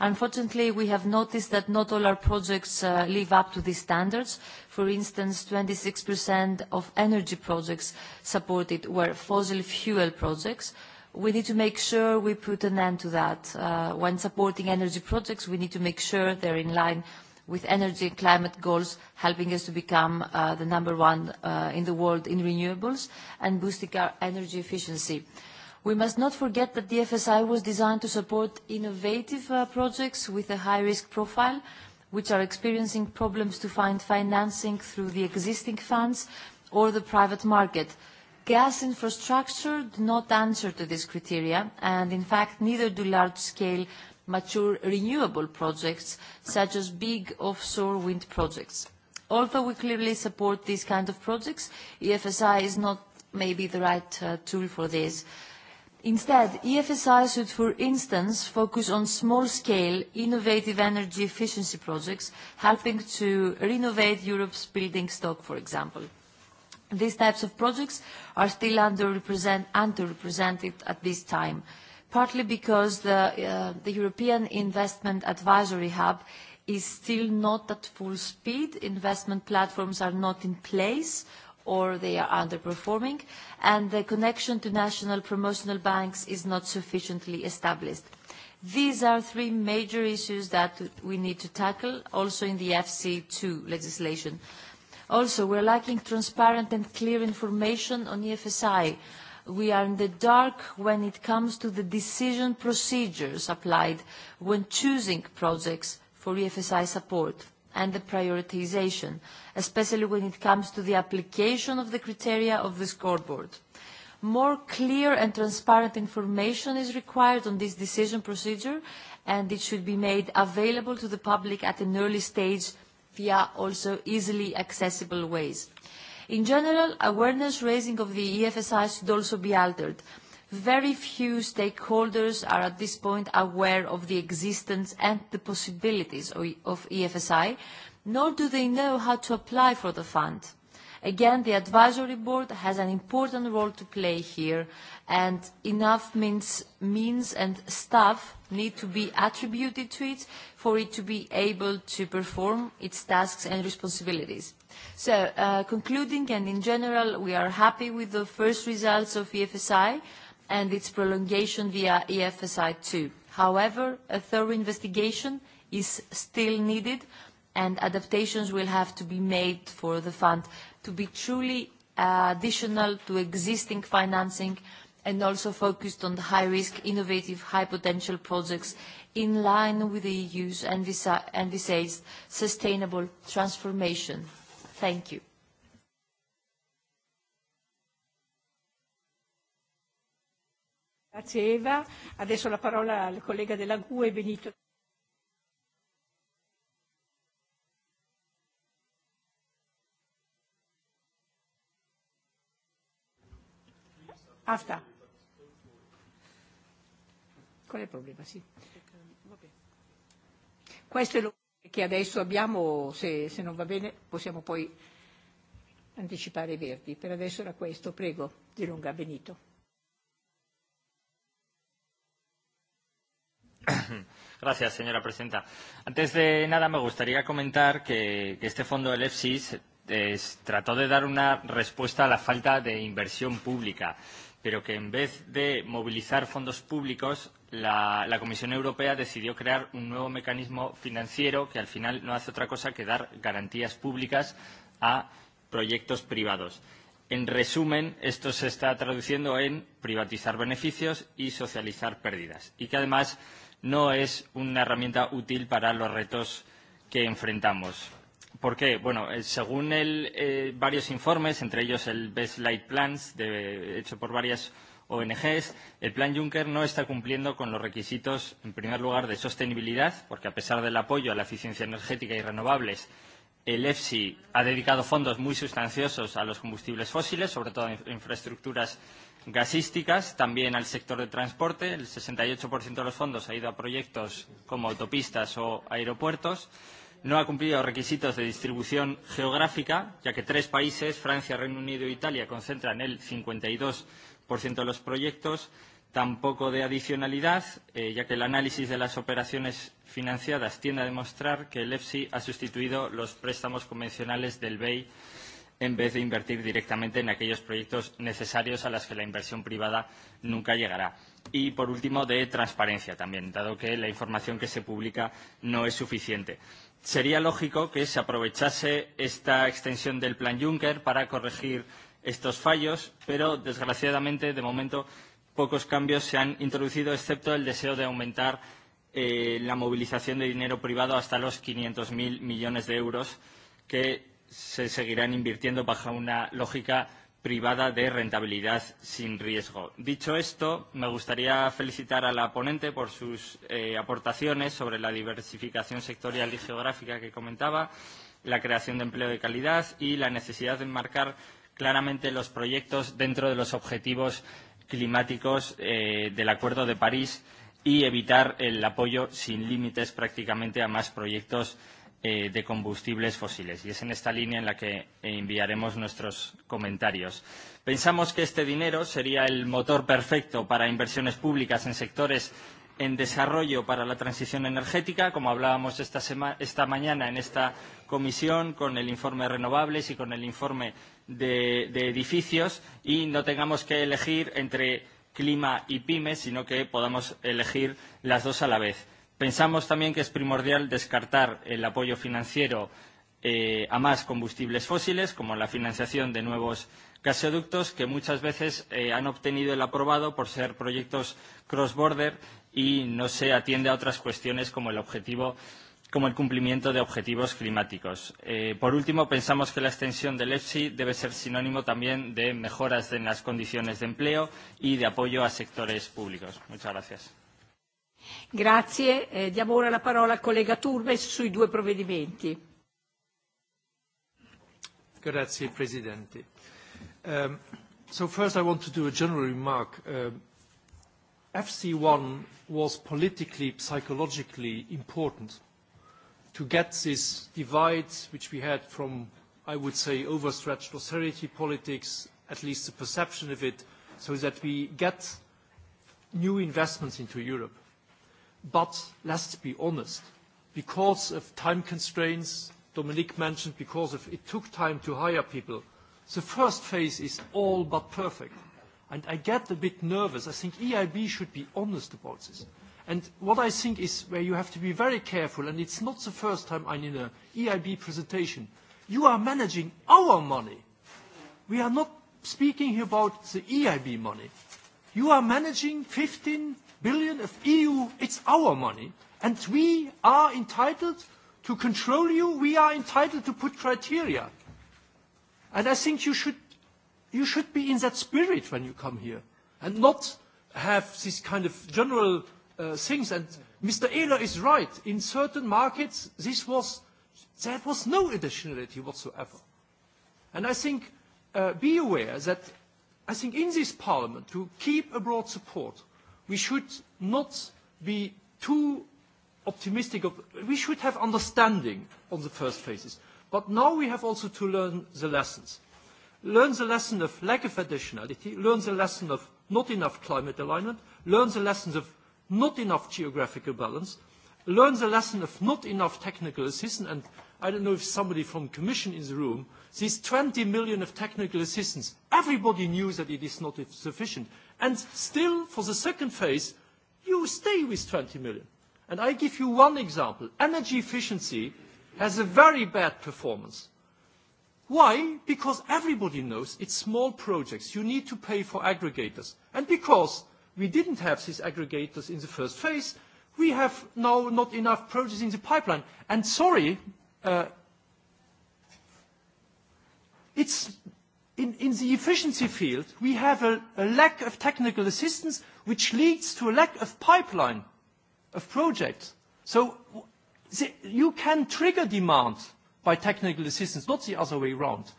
Unfortunately, we have noticed that not all our projects uh, live up to these standards. For instance, 26% of energy projects supported were fossil fuel projects, we need to make sure we put an end to that. Uh, when supporting energy projects, we need to make sure they're in line with energy and climate goals, helping us to become uh, the number one uh, in the world in renewables and boosting our energy efficiency. We must not forget that the FSI was designed to support innovative uh, projects with a high-risk profile, which are experiencing problems to find financing through the existing funds or the private market. Gas infrastructure do not answer to these criteria, and in fact, neither do large-scale mature renewable projects, such as big offshore wind projects. Although we clearly support these kind of projects, EFSI is not maybe the right uh, tool for this. Instead, EFSI should, for instance, focus on small-scale, innovative energy efficiency projects, helping to renovate Europe's building stock, for example. These types of projects are still underrepresented at this time, partly because the, uh, the European Investment Advisory Hub is still not at full speed. Investment platforms are not in place or they are underperforming, and the connection to national promotional banks is not sufficiently established. These are three major issues that we need to tackle also in the FC2 legislation. Also, we're lacking transparent and clear information on EFSI. We are in the dark when it comes to the decision procedures applied when choosing projects for EFSI support and the prioritization, especially when it comes to the application of the criteria of the scoreboard. More clear and transparent information is required on this decision procedure, and it should be made available to the public at an early stage via also easily accessible ways. In general, awareness raising of the EFSI should also be altered. Very few stakeholders are at this point aware of the existence and the possibilities of EFSI, nor do they know how to apply for the fund. Again, the advisory board has an important role to play here, and enough means, means and staff need to be attributed to it for it to be able to perform its tasks and responsibilities. So, uh, concluding and in general, we are happy with the first results of EFSI and its prolongation via EFSI 2. However, a thorough investigation is still needed and adaptations will have to be made for the fund to be truly uh, additional to existing financing and also focused on high-risk, innovative, high-potential projects in line with the EU's envisaged sustainable transformation. Thank you. Grazie Eva. Adesso la parola al collega della GUE, Benito. Asta. Qual è il problema? Sì. Questo è lo che adesso abbiamo, se, se non va bene possiamo poi anticipare i verdi. Per adesso era questo, prego, di lunga Benito. Gracias, señora presidenta. Antes de nada, me gustaría comentar que, que este fondo del EFSIS es, trató de dar una respuesta a la falta de inversión pública pero que en vez de movilizar fondos públicos, la, la Comisión Europea decidió crear un nuevo mecanismo financiero que al final no hace otra cosa que dar garantías públicas a proyectos privados. En resumen, esto se está traduciendo en privatizar beneficios y socializar pérdidas, y que además no es una herramienta útil para los retos que enfrentamos. ¿Por qué? Bueno, eh, según el, eh, varios informes, entre ellos el Best Light Plans, de, hecho por varias ONGs, el plan Juncker no está cumpliendo con los requisitos, en primer lugar, de sostenibilidad, porque a pesar del apoyo a la eficiencia energética y renovables, el EFSI ha dedicado fondos muy sustanciosos a los combustibles fósiles, sobre todo a infraestructuras gasísticas, también al sector de transporte. El 68% de los fondos ha ido a proyectos como autopistas o aeropuertos no ha cumplido los requisitos de distribución geográfica, ya que tres países, Francia, Reino Unido e Italia, concentran el 52% de los proyectos, tampoco de adicionalidad, eh, ya que el análisis de las operaciones financiadas tiende a demostrar que el EFSI ha sustituido los préstamos convencionales del BEI en vez de invertir directamente en aquellos proyectos necesarios a los que la inversión privada nunca llegará. Y, por último, de transparencia también, dado que la información que se publica no es suficiente sería lógico que se aprovechase esta extensión del plan Juncker para corregir estos fallos, pero desgraciadamente de momento pocos cambios se han introducido, excepto el deseo de aumentar eh, la movilización de dinero privado hasta los 500.000 millones de euros que se seguirán invirtiendo bajo una lógica privada de rentabilidad sin riesgo. Dicho esto, me gustaría felicitar a la ponente por sus eh, aportaciones sobre la diversificación sectorial y geográfica que comentaba, la creación de empleo de calidad y la necesidad de enmarcar claramente los proyectos dentro de los objetivos climáticos eh, del Acuerdo de París y evitar el apoyo sin límites prácticamente a más proyectos eh, de combustibles fósiles. Y es en esta línea en la que enviaremos nuestros comentarios. Pensamos que este dinero sería el motor perfecto para inversiones públicas en sectores en desarrollo para la transición energética, como hablábamos esta, sema esta mañana en esta comisión con el informe de renovables y con el informe de, de edificios, y no tengamos que elegir entre clima y pymes, sino que podamos elegir las dos a la vez Pensamos también que es primordial descartar el apoyo financiero eh, a más combustibles fósiles, como la financiación de nuevos gasoductos, que muchas veces eh, han obtenido el aprobado por ser proyectos cross-border y no se atiende a otras cuestiones como el objetivo como el cumplimiento de objetivos climáticos. Eh, por último, pensamos que la extensión del EFSI debe ser sinónimo también de mejoras en las condiciones de empleo y de apoyo a sectores públicos. Muchas gracias. Grazie. Eh, diamo ora la parola al collega Turmes sui due provvedimenti. Grazie Presidente. Um, so first I want to do a general remark. Um, FC1 was politically, psychologically important to get this divide which we had from, I would say, overstretched austerity politics, at least the perception of it, so that we get new investments into Europe. But let's be honest, because of time constraints, Dominique mentioned because of it took time to hire people, the first phase is all but perfect. And I get a bit nervous. I think EIB should be honest about this. And what I think is where you have to be very careful, and it's not the first time I'm in an EIB presentation, you are managing our money. We are not speaking here about the EIB money. You are managing 15, billion of EU, it's our money, and we are entitled to control you, we are entitled to put criteria. And I think you should, you should be in that spirit when you come here, and not have this kind of general uh, things. And Mr. Ehler is right, in certain markets, this was, there was no additionality whatsoever. And I think, uh, be aware that, I think in this parliament, to keep a broad support, we should not be too optimistic. Of, we should have understanding on the first phases. But now we have also to learn the lessons. Learn the lesson of lack of additionality, learn the lesson of not enough climate alignment, learn the lessons of not enough geographical balance, learn the lesson of not enough technical assistance and I don't know if somebody from Commission is in the room, this 20 million of technical assistance, everybody knew that it is not sufficient. And still, for the second phase, you stay with 20 million. And I give you one example. Energy efficiency has a very bad performance. Why? Because everybody knows it's small projects. You need to pay for aggregators. And because we didn't have these aggregators in the first phase, we have now not enough projects in the pipeline. And sorry, Uh, it's in, in the efficiency field, we have a, a lack of technical assistance, which leads to a lack of pipeline of projects. So the, you can trigger demand by technical assistance, not the other way around.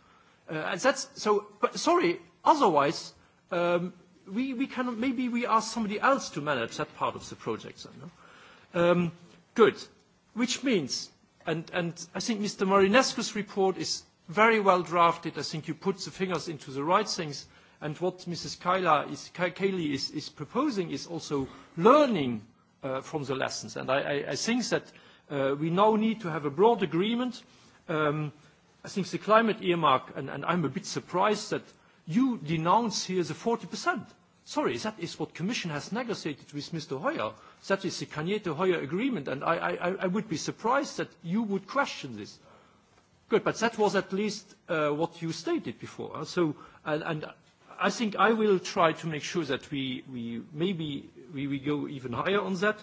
Uh, and that's, so, but sorry, otherwise, um, we, we can, maybe we ask somebody else to manage that part of the project. Then, no? um, good. Which means And, and I think Mr. Marinescu's report is very well drafted. I think you put the fingers into the right things. And what Mrs. Kaila is, Kaili is, is proposing is also learning uh, from the lessons. And I, I, I think that uh, we now need to have a broad agreement. Um, I think the climate earmark, and, and I'm a bit surprised that you denounce here the 40%. Sorry, that is what Commission has negotiated with Mr. Hoyer. That is the Cañete-Hoyer agreement, and I, I, I would be surprised that you would question this. Good, but that was at least uh, what you stated before. Uh, so, and, and I think I will try to make sure that we, we maybe we, we go even higher on that.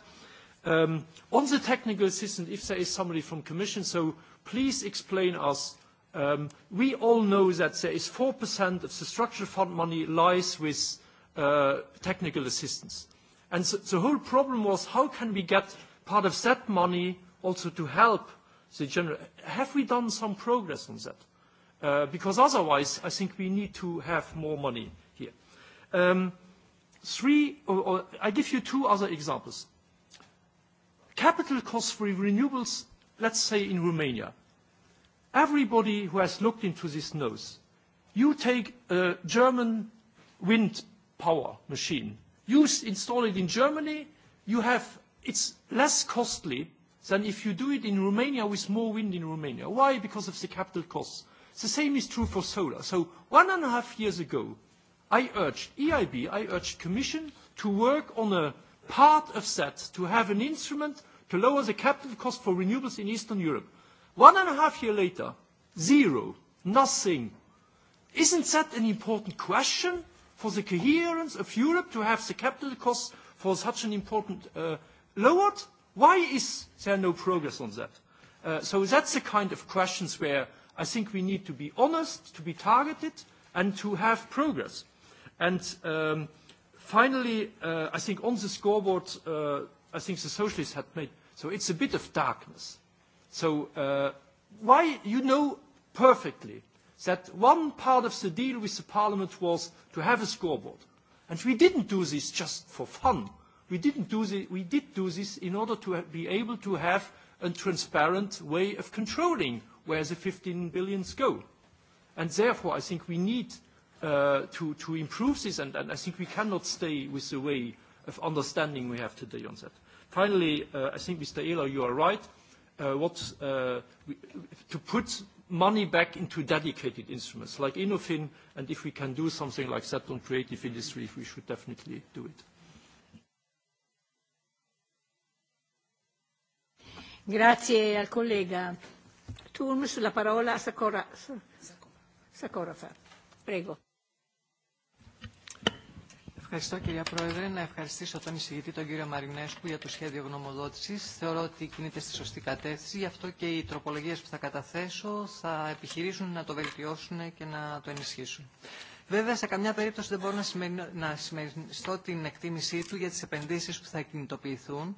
Um, on the technical assistance, if there is somebody from Commission, so please explain us. Um, we all know that there is 4% of the structural fund money lies with uh, technical assistance. And so, the whole problem was how can we get part of that money also to help the general? Have we done some progress on that? Uh, because otherwise, I think we need to have more money here. Um, three, or, or I give you two other examples. Capital costs for renewables, let's say in Romania. Everybody who has looked into this knows. You take a German wind power machine, You install it in Germany, you have, it's less costly than if you do it in Romania with more wind in Romania. Why? Because of the capital costs. The same is true for solar. So one and a half years ago, I urged EIB, I urged Commission to work on a part of that, to have an instrument to lower the capital cost for renewables in Eastern Europe. One and a half year later, zero, nothing. Isn't that an important question? for the coherence of Europe to have the capital costs for such an important uh, lowered? Why is there no progress on that? Uh, so that's the kind of questions where I think we need to be honest, to be targeted, and to have progress. And um, finally, uh, I think on the scoreboard, uh, I think the socialists had made, so it's a bit of darkness. So uh, why, you know perfectly that one part of the deal with the parliament was to have a scoreboard. And we didn't do this just for fun. We, didn't do this, we did do this in order to be able to have a transparent way of controlling where the 15 billions go. And therefore, I think we need uh, to, to improve this, and, and I think we cannot stay with the way of understanding we have today on that. Finally, uh, I think, Mr. Ehler, you are right. Uh, what, uh, we, to put money back into dedicated instruments like Innofin, and if we can do something like that on creative industry, we should definitely do it. Grazie al collega Turm. La parola a Sakora, Sakorafa. Prego. Ευχαριστώ κυρία Πρόεδρε. Να ευχαριστήσω τον εισηγητή τον κύριο Μαρινέσκου για το σχέδιο γνωμοδότησης. Θεωρώ ότι κινείται στη σωστή κατεύθυνση, γι' αυτό και οι τροπολογίες που θα καταθέσω θα επιχειρήσουν να το βελτιώσουν και να το ενισχύσουν. Βέβαια, σε καμιά περίπτωση δεν μπορώ να συμμεριστώ την εκτίμησή του για τις επενδύσεις που θα κινητοποιηθούν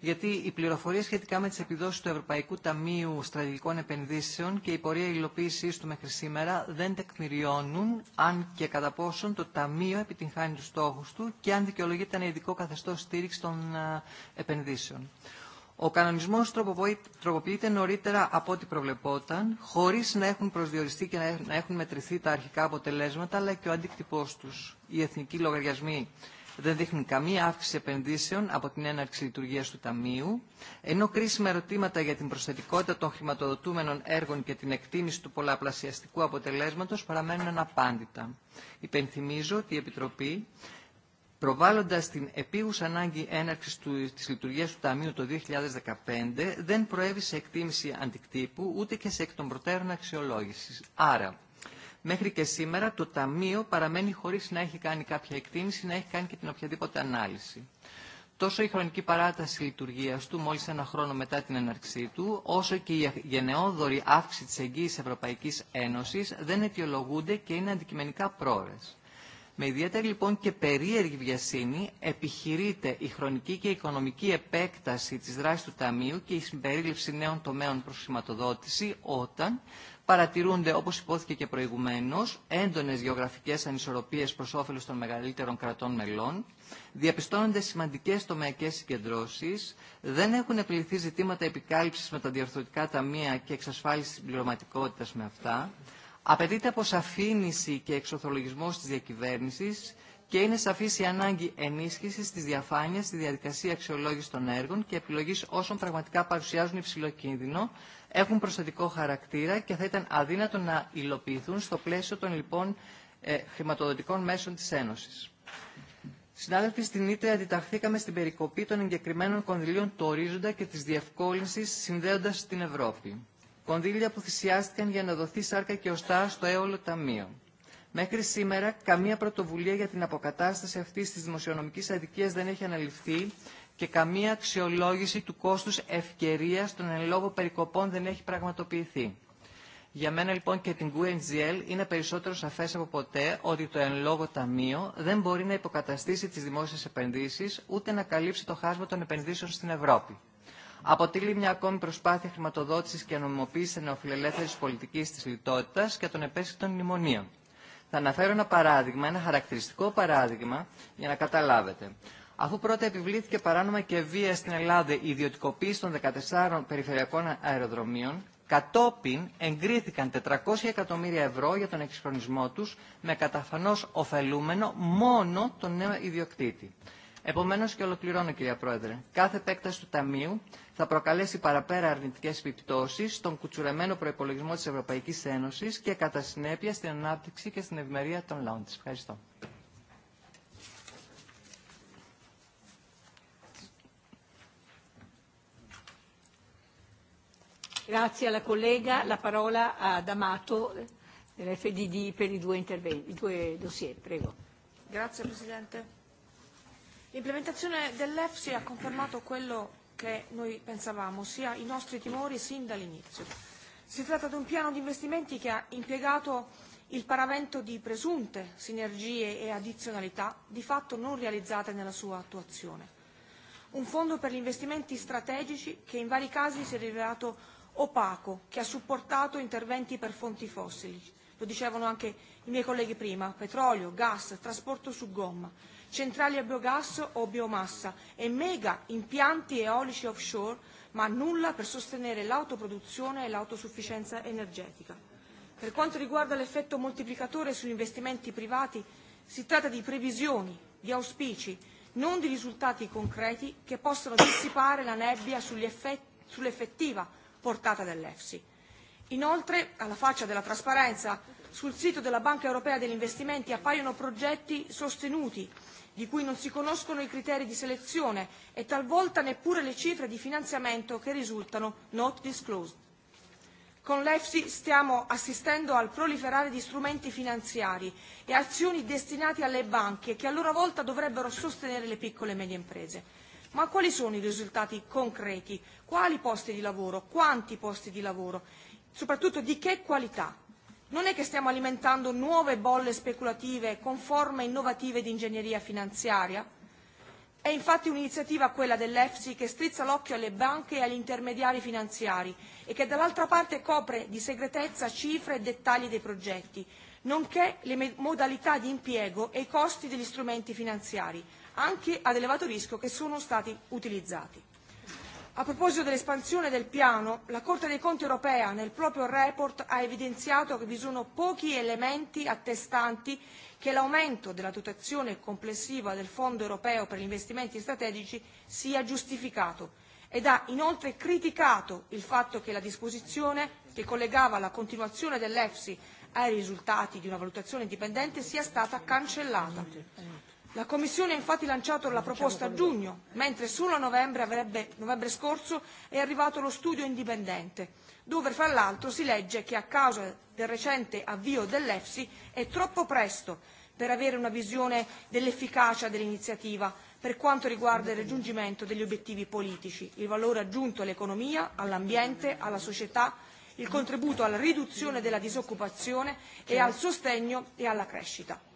γιατί οι πληροφορίε σχετικά με τι επιδόσει του Ευρωπαϊκού Ταμείου Στρατηγικών Επενδύσεων και η πορεία υλοποίησή του μέχρι σήμερα δεν τεκμηριώνουν αν και κατά πόσον το Ταμείο επιτυγχάνει του στόχου του και αν δικαιολογείται ένα ειδικό καθεστώ στήριξη των επενδύσεων. Ο κανονισμό τροποποιείται νωρίτερα από ό,τι προβλεπόταν, χωρί να έχουν προσδιοριστεί και να έχουν μετρηθεί τα αρχικά αποτελέσματα αλλά και ο αντίκτυπό του. Οι εθνικοί λογαριασμοί δεν δείχνει καμία αύξηση επενδύσεων από την έναρξη λειτουργία του Ταμείου, ενώ κρίσιμα ερωτήματα για την προσθετικότητα των χρηματοδοτούμενων έργων και την εκτίμηση του πολλαπλασιαστικού αποτελέσματο παραμένουν αναπάντητα. Υπενθυμίζω ότι η Επιτροπή προβάλλοντα την επίγουσα ανάγκη έναρξη τη λειτουργία του Ταμείου το 2015, δεν προέβη σε εκτίμηση αντικτύπου, ούτε και σε εκ των προτέρων αξιολόγηση. Άρα, μέχρι και σήμερα το Ταμείο παραμένει χωρίς να έχει κάνει κάποια εκτίμηση, να έχει κάνει και την οποιαδήποτε ανάλυση. Τόσο η χρονική παράταση λειτουργίας του, μόλις ένα χρόνο μετά την έναρξή του, όσο και η γενναιόδορη αύξηση της εγγύης Ευρωπαϊκής Ένωσης δεν αιτιολογούνται και είναι αντικειμενικά πρόορες. Με ιδιαίτερη λοιπόν και περίεργη βιασύνη επιχειρείται η χρονική και η οικονομική επέκταση της δράσης του Ταμείου και η συμπερίληψη νέων τομέων προς χρηματοδότηση όταν παρατηρούνται, όπως υπόθηκε και προηγουμένως, έντονες γεωγραφικές ανισορροπίες προς όφελος των μεγαλύτερων κρατών μελών, διαπιστώνονται σημαντικές τομεακές συγκεντρώσεις, δεν έχουν επιληθεί ζητήματα επικάλυψης με τα διορθωτικά ταμεία και εξασφάλιση συμπληρωματικότητας με αυτά, απαιτείται αποσαφήνιση και εξορθολογισμό της διακυβέρνησης και είναι σαφής η ανάγκη ενίσχυσης της διαφάνειας στη διαδικασία αξιολόγηση των έργων και επιλογής όσων πραγματικά παρουσιάζουν υψηλό κίνδυνο, έχουν προσωπικό χαρακτήρα και θα ήταν αδύνατο να υλοποιηθούν στο πλαίσιο των λοιπόν ε, χρηματοδοτικών μέσων της Ένωσης. Συνάδελφοι, στην Ήτρε αντιταχθήκαμε στην περικοπή των εγκεκριμένων κονδυλίων του ορίζοντα και της διευκόλυνσης συνδέοντας την Ευρώπη. Κονδύλια που θυσιάστηκαν για να δοθεί σάρκα και οστά στο έολο ταμείο. Μέχρι σήμερα καμία πρωτοβουλία για την αποκατάσταση αυτής της δημοσιονομικής αδικίας δεν έχει αναλυφθεί και καμία αξιολόγηση του κόστους ευκαιρίας των εν λόγω περικοπών δεν έχει πραγματοποιηθεί. Για μένα λοιπόν και την QNGL είναι περισσότερο σαφές από ποτέ ότι το εν λόγω ταμείο δεν μπορεί να υποκαταστήσει τις δημόσιες επενδύσεις ούτε να καλύψει το χάσμα των επενδύσεων στην Ευρώπη. Αποτελεί μια ακόμη προσπάθεια χρηματοδότησης και νομιμοποίησης της νεοφιλελεύθερης πολιτικής της λιτότητας και των επέσχυτων μνημονίων. Θα αναφέρω ένα παράδειγμα, ένα χαρακτηριστικό παράδειγμα για να καταλάβετε. Αφού πρώτα επιβλήθηκε παράνομα και βία στην Ελλάδα η ιδιωτικοποίηση των 14 περιφερειακών αεροδρομίων, κατόπιν εγκρίθηκαν 400 εκατομμύρια ευρώ για τον εξυγχρονισμό του, με καταφανώ ωφελούμενο μόνο τον νέο ιδιοκτήτη. Επομένω, και ολοκληρώνω, κυρία Πρόεδρε, κάθε επέκταση του Ταμείου θα προκαλέσει παραπέρα αρνητικέ επιπτώσει στον κουτσουρεμένο προπολογισμό τη Ευρωπαϊκή Ένωση και κατά συνέπεια στην ανάπτυξη και στην ευημερία των λαών τη. Ευχαριστώ. Grazie alla collega. La parola ad Amato dell'FDD per i due, interventi, i due dossier. Prego. Grazie Presidente. L'implementazione dell'EFSI ha confermato quello che noi pensavamo, ossia i nostri timori sin dall'inizio. Si tratta di un piano di investimenti che ha impiegato il paravento di presunte sinergie e addizionalità di fatto non realizzate nella sua attuazione. Un fondo per gli investimenti strategici che in vari casi si è rivelato opaco che ha supportato interventi per fonti fossili. Lo dicevano anche i miei colleghi prima, petrolio, gas, trasporto su gomma, centrali a biogas o biomassa e mega impianti eolici offshore, ma nulla per sostenere l'autoproduzione e l'autosufficienza energetica. Per quanto riguarda l'effetto moltiplicatore sugli investimenti privati, si tratta di previsioni, di auspici, non di risultati concreti che possano dissipare la nebbia sull'effettiva portata dell'EFSI. Inoltre, alla faccia della trasparenza, sul sito della Banca Europea degli Investimenti appaiono progetti sostenuti, di cui non si conoscono i criteri di selezione e talvolta neppure le cifre di finanziamento che risultano not disclosed. Con l'EFSI stiamo assistendo al proliferare di strumenti finanziari e azioni destinati alle banche che a loro volta dovrebbero sostenere le piccole e medie imprese. Ma quali sono i risultati concreti? Quali posti di lavoro? Quanti posti di lavoro? Soprattutto di che qualità? Non è che stiamo alimentando nuove bolle speculative con forme innovative di ingegneria finanziaria? È infatti un'iniziativa quella dell'EFSI che strizza l'occhio alle banche e agli intermediari finanziari e che dall'altra parte copre di segretezza cifre e dettagli dei progetti, nonché le modalità di impiego e i costi degli strumenti finanziari, anche ad elevato rischio che sono stati utilizzati. A proposito dell'espansione del piano, la Corte dei Conti europea nel proprio report ha evidenziato che vi sono pochi elementi attestanti che l'aumento della dotazione complessiva del Fondo europeo per gli investimenti strategici sia giustificato ed ha inoltre criticato il fatto che la disposizione che collegava la continuazione dell'EFSI ai risultati di una valutazione indipendente sia stata cancellata. La Commissione ha infatti lanciato la proposta a giugno, mentre solo a novembre, avrebbe, novembre scorso è arrivato lo studio indipendente, dove fra l'altro si legge che a causa del recente avvio dell'EFSI è troppo presto per avere una visione dell'efficacia dell'iniziativa per quanto riguarda il raggiungimento degli obiettivi politici, il valore aggiunto all'economia, all'ambiente, alla società, il contributo alla riduzione della disoccupazione e al sostegno e alla crescita.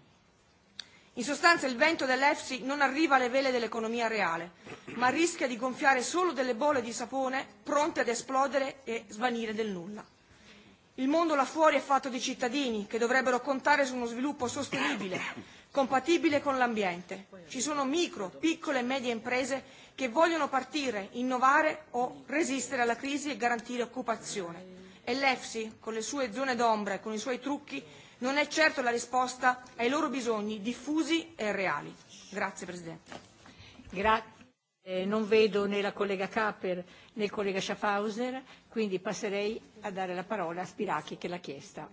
In sostanza il vento dell'EFSI non arriva alle vele dell'economia reale, ma rischia di gonfiare solo delle bolle di sapone pronte ad esplodere e svanire del nulla. Il mondo là fuori è fatto di cittadini che dovrebbero contare su uno sviluppo sostenibile, compatibile con l'ambiente. Ci sono micro, piccole e medie imprese che vogliono partire, innovare o resistere alla crisi e garantire occupazione. E l'EFSI, con le sue zone d'ombra e con i suoi trucchi, non è certo la risposta ai loro bisogni diffusi e reali. Grazie Presidente. Grazie. Eh, non vedo né la collega Capper né il collega Schaffhauser, quindi passerei a dare la parola a Spiracchi che l'ha chiesta.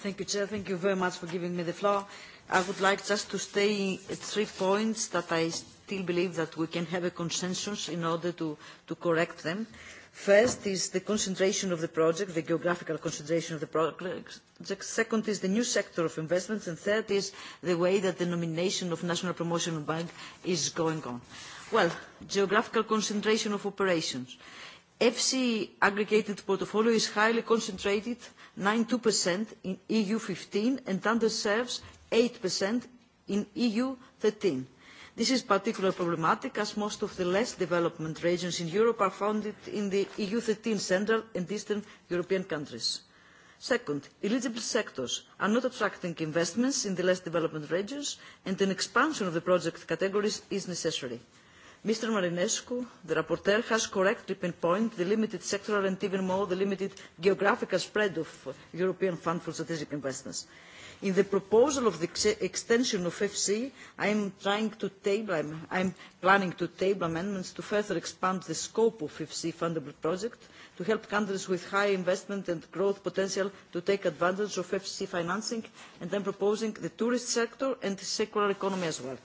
Thank you, Chair. Thank you very much for giving me the floor. I would like just to stay at three points that I still believe that we can have a consensus in order to, to correct them. Uh, First is the concentration of the project, the geographical concentration of the project. Second is the new sector of investments. And third is the way that the nomination of National Promotion Bank is going on. Well, geographical concentration of operations. EFSI aggregated portfolio is highly concentrated, 92% in EU 15 and underserves 8% in EU 13. This is particularly problematic as most of the less developed regions in Europe are founded in the EU13 Central and Eastern European countries. Second, eligible sectors are not attracting investments in the less developed regions and an expansion of the project categories is necessary. Mr Marinescu, the rapporteur, has correctly pinpointed the limited sectoral and even more the limited geographical spread of European Fund for Strategic Investments. In the proposal of the extension of FC, I am trying to table, I am planning to table amendments to further expand the scope of FC fundable project to help countries with high investment and growth potential to take advantage of FC financing, and am proposing the tourist sector and the circular economy as well.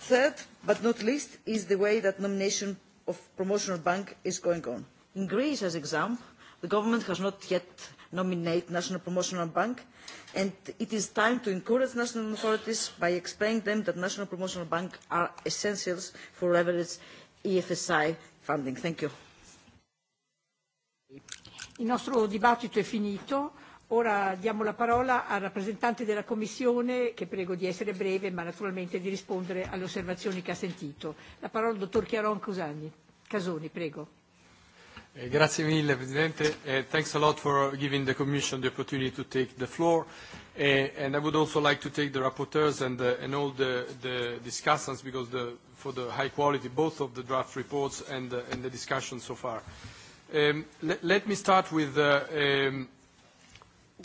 Third, but not least, is the way that nomination of promotional bank is going on. In Greece, as example, The government has not yet nominated National Promotional Bank, and it is time to encourage national authorities by explaining them that National Promotional Bank are essential for leverage EFSI funding. Thank you. Il nostro dibattito è finito. Ora diamo la parola al rappresentante della Commissione, che prego di essere breve, ma naturalmente di rispondere alle osservazioni che ha sentito. La parola al dottor Chiaron Casoni, prego. Eh, grazie mille, Presidente. Uh, thanks a lot for giving the Commission the opportunity to take the floor. Uh, and I would also like to take the rapporteurs and, uh, and all the, the discussants because the, for the high quality both of the draft reports and, uh, and the discussion so far. Um, let, let me start with, uh, um,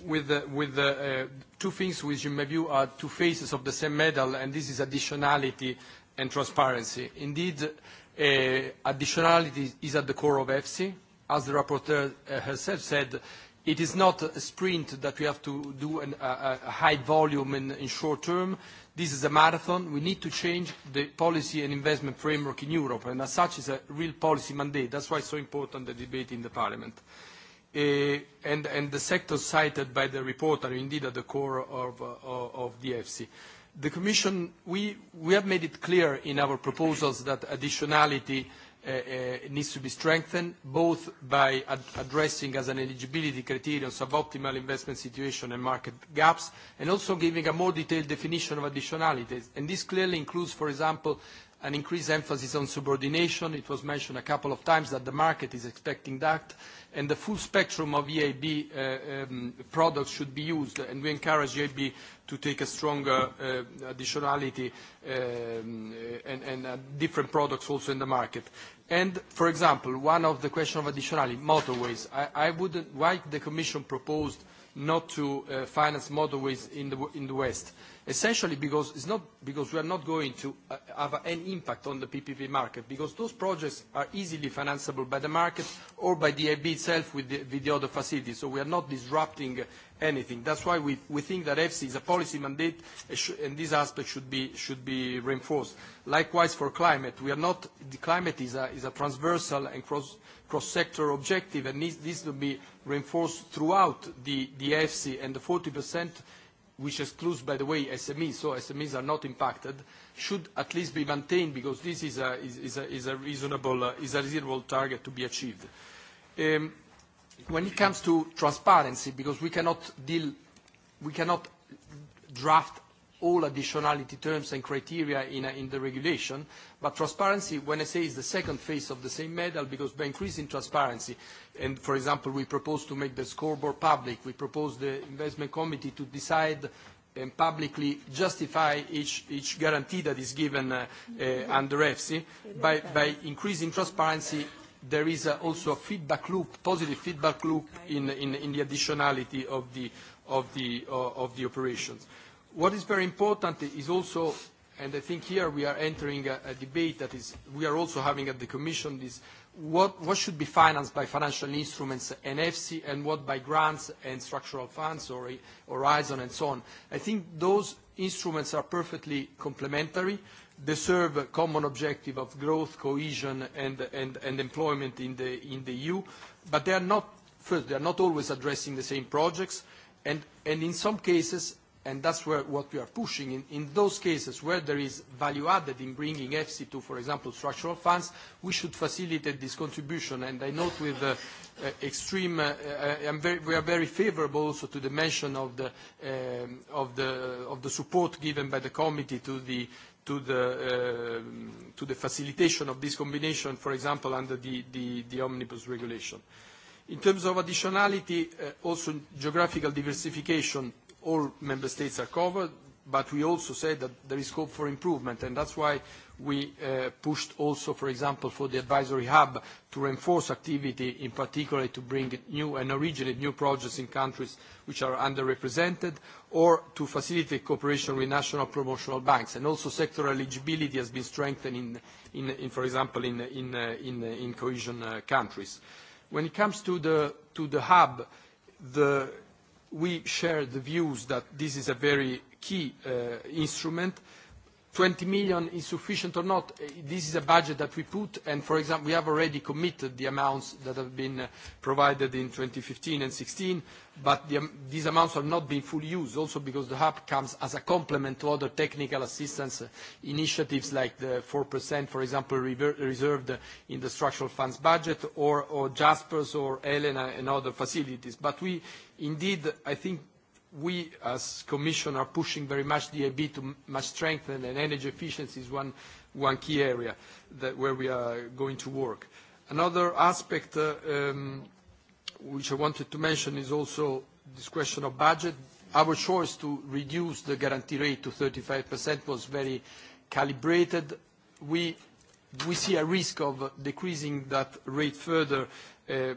with, uh, with uh, uh, two things which in my view are two faces of the same medal, and this is additionality and transparency. Indeed, additionality is at the core of EFSI. As the rapporteur herself uh, said, it is not a sprint that we have to do an, a, high volume in, short term. This is a marathon. We need to change the policy and investment framework in Europe, and as such, it's a real policy mandate. That's why it's so important, the debate in the parliament. and, the sectors cited by the report are indeed at the core of uh, the EFSI. The Commission, we, we have made it clear in our proposals that additionality uh, uh, needs to be strengthened, both by ad addressing as an eligibility criterion suboptimal investment situation and market gaps, and also giving a more detailed definition of additionality. And this clearly includes, for example, an increased emphasis on subordination. It was mentioned a couple of times that the market is expecting that, and the full spectrum of EIB uh, um, products should be used, and we encourage EIB to take a stronger uh, additionality um, uh, and, and uh, different products also in the market. And, for example, one of the question of additionality, motorways. I, I would like the Commission proposed uh, not to uh, finance motorways in the, West. Essentially because, it's not, because we are not going to uh, have any impact on the PPP market, because those projects are easily financeable by the market or by the EIB itself with the, with other facilities. So we are not disrupting anything. That's why we, we think that EFSI is a policy mandate and this aspect should be, should be reinforced. Likewise for climate, we are not, the climate is a, is a transversal and cross cross-sector objective, and needs, needs to be reinforced throughout the, the EFSI and the 40%, which excludes, by the way, SMEs, so SMEs are not impacted, should at least be maintained because this is a, is a, is a, reasonable, uh, is a reasonable target to be achieved. Um, when it comes to transparency, because we cannot deal, we cannot draft all additionality terms and criteria in, uh, in the regulation. But transparency, when I say, is the second phase of the same medal, because by increasing transparency, and for example, we propose to make the scoreboard public, we propose the investment committee to decide and publicly justify each, each guarantee that is given uh, uh, under EFSI. By, by increasing transparency, there is uh, also a feedback loop, positive feedback loop in, in, in the additionality of the, of the, uh, of the operations. What is very important is also, and I think here we are entering a, a debate that is, we are also having at the Commission, is what, what should be financed by financial instruments and EFSI and what by grants and structural funds or Horizon and so on. I think those instruments are perfectly complementary, They serve a common objective of growth, cohesion and, and, and employment in the, in the EU, but they are not, first, they are not always addressing the same projects, and, and in some cases and that's where, what we are pushing. In, in those cases where there is value added in bringing EFSI to, for example, structural funds, we should facilitate this contribution. And I note with the uh, uh, extreme, uh, very, we are very favorable also to the mention of the, um, of, the, of the support given by the committee to the to the, um, to the facilitation of this combination, for example, under the, the, the omnibus regulation. In terms of additionality, also geographical diversification, all member states are covered, but we also said that there is scope for improvement, and that's why we uh, pushed also, for example, for the advisory hub to reinforce activity, in particular to bring new and originate new projects in countries which are underrepresented, or to facilitate cooperation with national promotional banks. And also sector eligibility has been strengthened, in, in, in for example, in, in, uh, in, uh, in cohesion uh, countries. When it comes to the, to the hub, the we share the views that this is a very key uh, instrument 20 million insufficient or not, eh, this is a budget that we put, and for example, we have already committed the amounts that have been eh, provided in 2015 and 2016, but the, these amounts have not been fully used, also because the hub comes as a complement to other technical assistance eh, initiatives like the 4%, for example, reserved in the structural funds budget, or, or JASPERS, or ELENA, and other facilities. But we indeed, I think, we as Commission are pushing very much DAB to much strengthen, and energy efficiency is one, one key area that where we are going to work. Another aspect uh, um, which I wanted to mention is also this question of budget. Our choice to reduce the guarantee rate to 35% was very calibrated. We, we see a risk of decreasing that rate further uh, uh,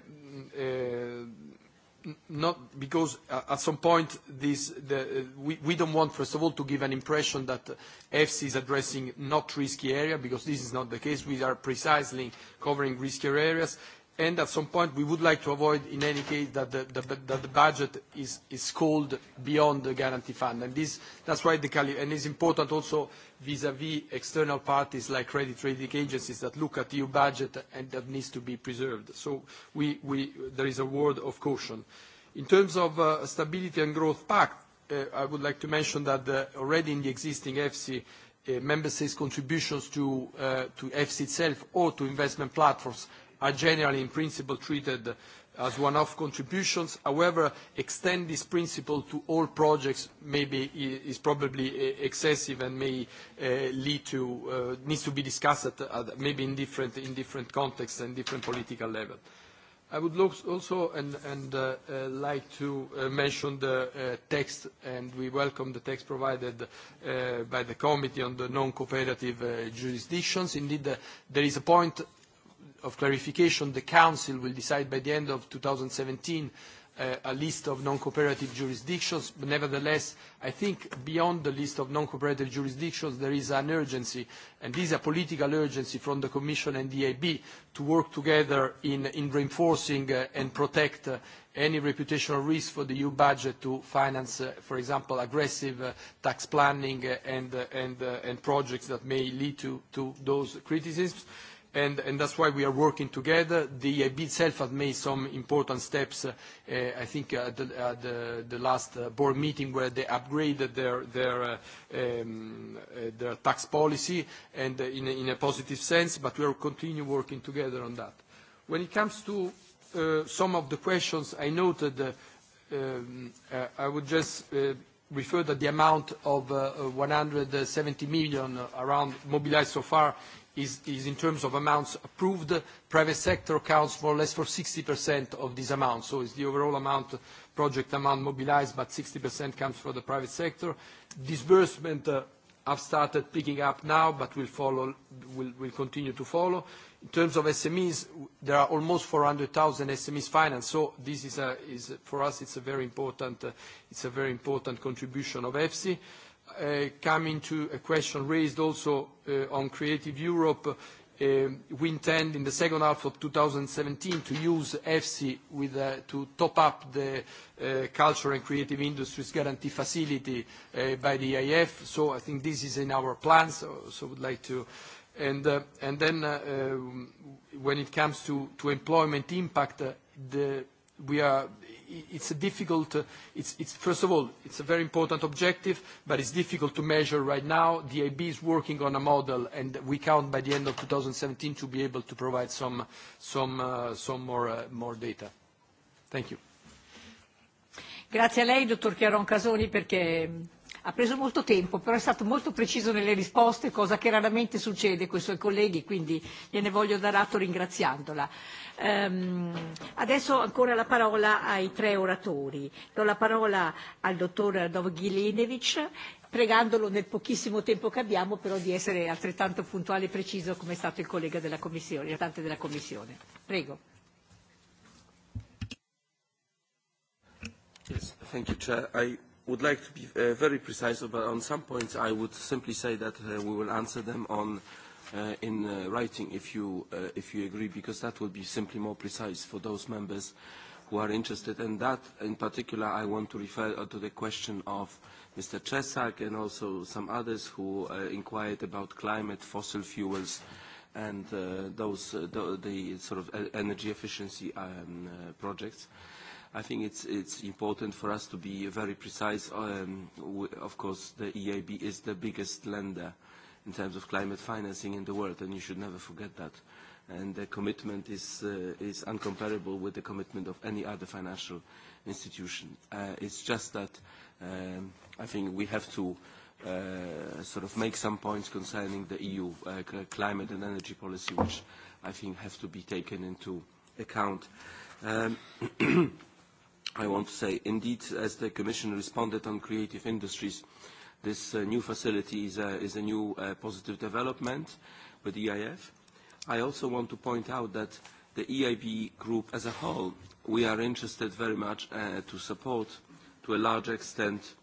not because uh, at some point this, the, uh, we, we don't want, first of all, to give an impression that EFSI is addressing not risky area, because this is not the case. We are precisely covering riskier areas and at some point we would like to avoid in any case that the, the, the budget is, is called beyond the guarantee fund and this, that's why the and it's important also vis-à-vis -vis external parties like credit rating agencies that look at EU budget and that needs to be preserved so we, we, there is a word of caution in terms of uh, stability and growth pact uh, I would like to mention that the, already in the existing EFSI uh, member states contributions to, uh, to EFSI itself or to investment platforms are generally in principle treated as one-off contributions. However, extend this principle to all projects maybe is probably excessive and may uh, lead to, uh, needs to be discussed at, at maybe in different, in different contexts and different political level. I would also and, and uh, uh, like to uh, mention the uh, text, and we welcome the text provided uh, by the Committee on the Non-Cooperative uh, Jurisdictions. Indeed, there is a point of clarification, the Council will decide by the end of 2017 uh, a list of non-cooperative jurisdictions. But nevertheless, I think beyond the list of non-cooperative jurisdictions, there is an urgency, and this is a political urgency from the Commission and the EIB to work together in, in reinforcing uh, and protect uh, any reputational risk for the EU budget to finance, uh, for example, aggressive uh, tax planning uh, and, uh, and, uh, and projects that may lead to, to those criticisms and, that's why we are working together. The EIB itself has made some important steps, uh, I think, at the, last uh, board meeting where they upgraded their, uh, um, tax policy and in a, positive sense, but we will continue working together on that. When it comes to some of the questions I noted, um, I would just refer that the amount of 170 million around mobilized so far is, in terms of amounts approved. Private sector accounts more or less for 60% of this amount. So it's the overall amount, project amount mobilized, but 60% comes from the private sector. Disbursement uh, have started picking up now, but will, follow, will, will continue to follow. In terms of SMEs, there are almost 400,000 SMEs financed, so this is, a, is for us, it's a very important, uh, it's a very important contribution of EFSI. Uh, coming to a question raised also uh, on Creative Europe, uh, we intend in the second half of 2017 to use EFSI to top up the Culture and Creative Industries Guarantee Facility by the EIF. So I think this is in our plans, so, would like to And, then um, when it comes to, employment impact, we are it's a difficult, uh, it's, it's, first of all, it's a very important objective, but it's difficult to measure right now. The IB is working on a model, and we count by the end of 2017 to be able to provide some, some, uh, some more, uh, more data. Thank you. Grazie a lei, dottor Chiaron Casoni, perché ha preso molto tempo, però è stato molto preciso nelle risposte, cosa che raramente succede con i suoi colleghi, quindi gliene voglio dar atto ringraziandola. Um, adesso ancora la parola ai tre oratori. Do la parola al dottor Dovgilenovic, pregandolo nel pochissimo tempo che abbiamo però di essere altrettanto puntuale e preciso come è stato il collega della Commissione, il relatante della Commissione. Prego. Yes, thank you, Chair. I would like to be uh, very precise, but on some points I would simply say that uh, we will answer them on, uh, in uh, writing if you, uh, if you agree, because that will be simply more precise for those members who are interested. And that, in particular, I want to refer uh, to the question of Mr. Chesak and also some others who uh, inquired about climate, fossil fuels, and uh, those, uh, the, the sort of uh, energy efficiency um, uh, projects. Uh, I think it's, it's important for us to be very precise. Um, of course, the EIB is the biggest lender in terms of climate financing in the world, and you should never forget that. And the commitment is, uh, is uncomparable with the commitment of any other financial institution. Uh, it's just that um, I think we have to uh, sort of make some points concerning the EU uh, climate and energy policy, which I think have to be taken into account. Um, I want to say, indeed, as the Commission responded on creative industries, this uh, new facility is a, is a new uh, positive development with EIF. I also want to point out that the EIB group as a whole, we are interested very much uh, to support, to a large extent,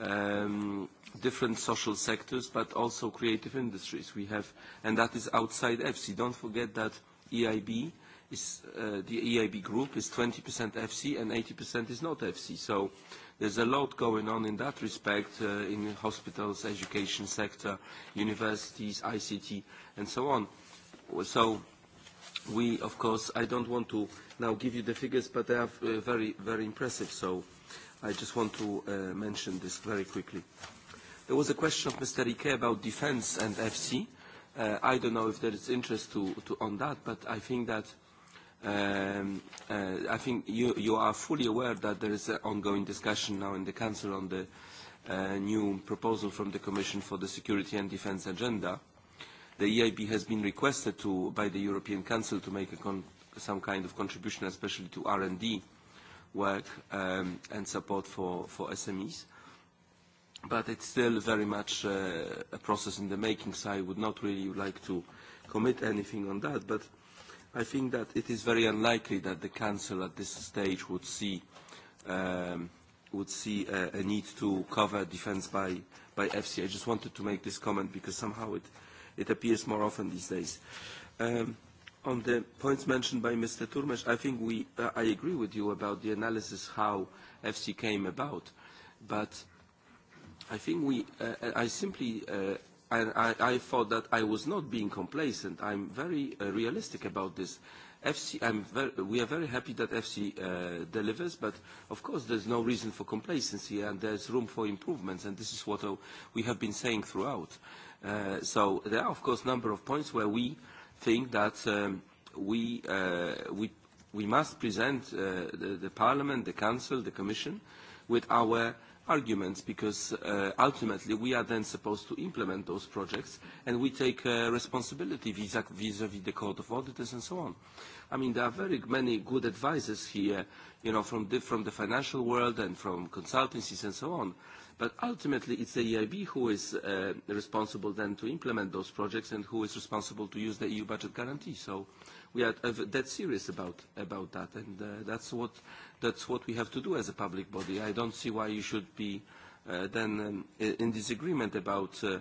um, different social sectors, but also creative industries. We have, and that is outside EFSI. Don't forget that EIB Uh, the EIB group is 20% FC and 80% is not FC. So there's a lot going on in that respect uh, in hospitals, education sector, universities, ICT, and so on. So we, of course, I don't want to now give you the figures, but they are uh, very, very impressive. So I just want to mention this very quickly. There was a question of Mr. Ike about defense and FC. I don't know if there is interest on that, but I think that Um, uh, I think you, you are fully aware that there is an ongoing discussion now in the Council on the uh, new proposal from the Commission for the Security and Defence Agenda. The EIB has been requested to, by the European Council to make a con some kind of contribution, especially to R&D work um, and support for, for SMEs. But it's still very much uh, a process in the making, so I would not really like to commit anything on that. But I think that it is very unlikely that the Council at this stage would see, um, would see a, a need to cover defence by, by FC. I just wanted to make this comment because somehow it, it appears more often these days. Um, on the points mentioned by Mr. Turmes, I think we, uh, I agree with you about the analysis how FC came about, but I think we, uh, I simply uh, and I, I thought that I was not being complacent. I'm very uh, realistic about this. FC, I'm very, we are very happy that FC uh, delivers, but of course there's no reason for complacency and there's room for improvements, and this is what uh, we have been saying throughout. Uh, so there are, of course, a number of points where we think that um, we, uh, we, we must present uh, the, the Parliament, the Council, the Commission with our arguments because uh, ultimately we are then supposed to implement those projects and we take uh, responsibility vis-a-vis -vis the Court of Auditors and so on. I mean, there are very many good advisors here, you know, from the, from the financial world and from consultancies and so on. But ultimately, it's the EIB who is uh, responsible then to implement those projects and who is responsible to use the EU budget guarantee. So we are that uh, serious about, about that, and uh, that's what that's what we have to do as a public body. I don't see why you should be uh, then um, in disagreement about uh,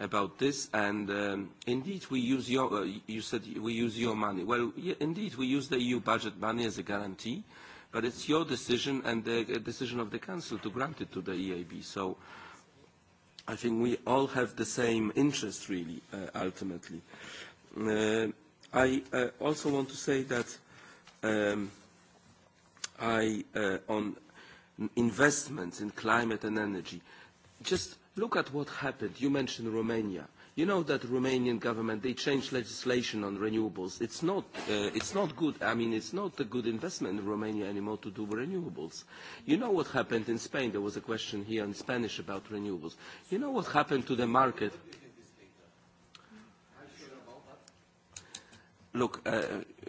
about this. And um, indeed, we use your uh, you said we use your money. Well, yeah, indeed, we use the EU budget money as a guarantee, but it's your decision and the uh, decision of the Council to grant it to the EIB. So. I think we all have the same interest, really, uh, ultimately. Uh, I uh, also want to say that um, I, uh, on investments in climate and energy. Just look at what happened. You mentioned Romania. You know that Romanian government, they changed legislation on renewables. It's not, uh, it's not good. I mean, it's not a good investment in Romania anymore to do renewables. You know what happened in Spain? There was a question here in Spanish about renewables. You know what happened to the market? Look, uh,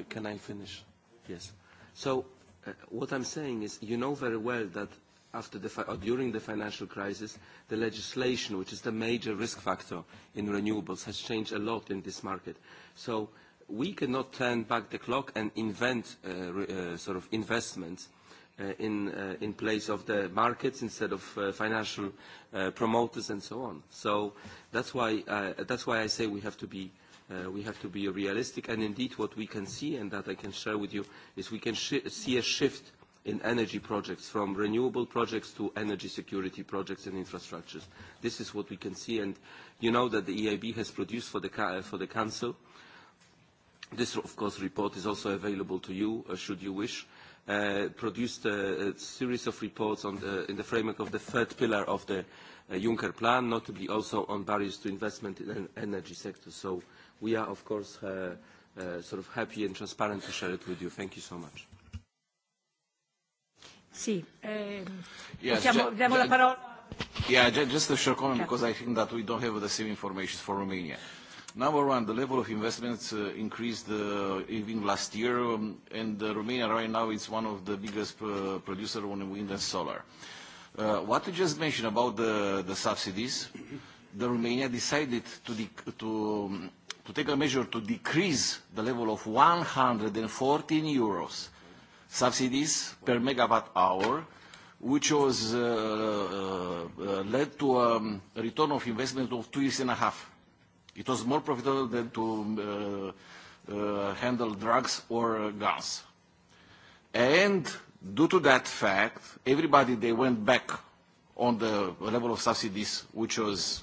can I finish? Yes. So Uh, what I'm saying is you know very well that after the or during the financial crisis, the legislation, which is the major risk factor in renewables, has changed a lot in this market. So we cannot turn back the clock and invent uh, uh, sort of investments uh, in, uh, in place of the markets instead of uh, financial uh, promoters and so on. So that's why, uh, that's why I say we have to be Uh, we have to be realistic, and indeed what we can see, and that I can share with you, is we can see a shift in energy projects, from renewable projects to energy security projects and infrastructures. This is what we can see, and you know that the EIB has produced for the, for the Council. This, of course, report is also available to you, uh, should you wish. Uh, produced a, a series of reports on the, in the framework of the third pillar of the uh, Juncker Plan, notably also on barriers to investment in the energy sector. So we are, of course, uh, uh, sort of happy and transparent to share it with you. Thank you so much. Sì, eh, yes, possiamo, diamo la parola. Yeah, just a short comment, because I think that we don't have the same information for Romania. Number one, the level of investments uh, increased uh, even last year, um, and uh, Romania right now is one of the biggest uh, producers on wind and solar. Uh, what you just mentioned about the, the subsidies, the Romania decided to, de to um, to take a measure to decrease the level of 114 euros subsidies per megawatt hour, which was uh, uh, led to a um, return of investment of two years and a half. It was more profitable than to uh, uh handle drugs or guns. And due to that fact, everybody, they went back on the level of subsidies, which was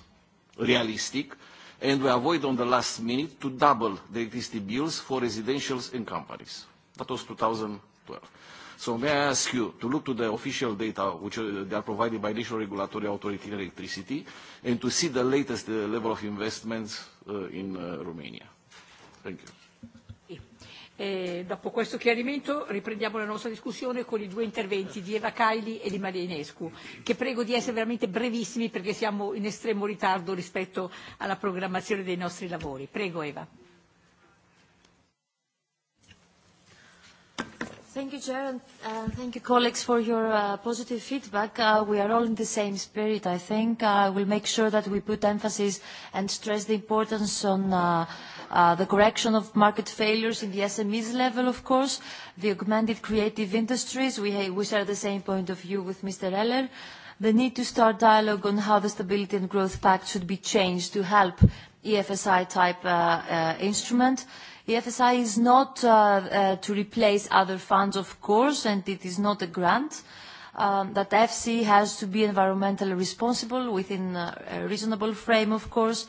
realistic, and we avoid on the last minute to double the electricity bills for residentials and companies. That was 2012. So may I ask you to look to the official data which are, uh, they are provided by National Regulatory Authority in Electricity and to see the latest uh, level of investments uh, in uh, Romania. Thank you. E dopo questo chiarimento riprendiamo la nostra discussione con i due interventi di Eva Kaili e di Maria Inescu, che prego di essere veramente brevissimi perché siamo in estremo ritardo rispetto alla programmazione dei nostri lavori. Prego Eva. Thank you, Chair, and uh, thank you, colleagues, for your uh, positive feedback. Uh, we are all in the same spirit, I think. Uh, I uh, will make sure that we put emphasis and stress the importance on uh, Uh, the correction of market failures in the SMEs level, of course, the augmented creative industries. We, share the same point of view with Mr. Eller the need to start dialogue on how the Stability and Growth Pact should be changed to help EFSI-type uh, uh, instrument. EFSI is not to replace other funds, of course, and it is not a grant. Um, that EFSI has to be environmentally responsible within a reasonable frame, of course,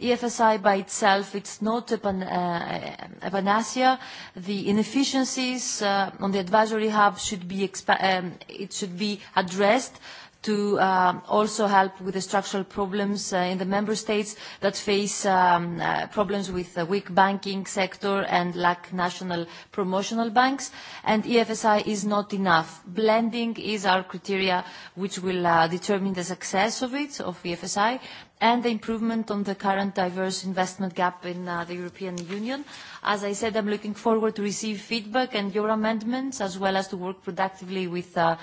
EFSI by itself, it's not a, pan, uh, a panacea. The inefficiencies uh, on the advisory hub should be, um, it should be addressed to uh, also help with the structural problems uh, in the member states that face um, uh, problems with the weak banking sector and lack national promotional banks. And EFSI is not enough. Blending is our criteria which will uh, determine the success of it, of EFSI, and the improvement on the current diverse investment gap in uh, the European Union. As I said, I'm looking forward to receive feedback and your amendments, as well as to work productively with uh,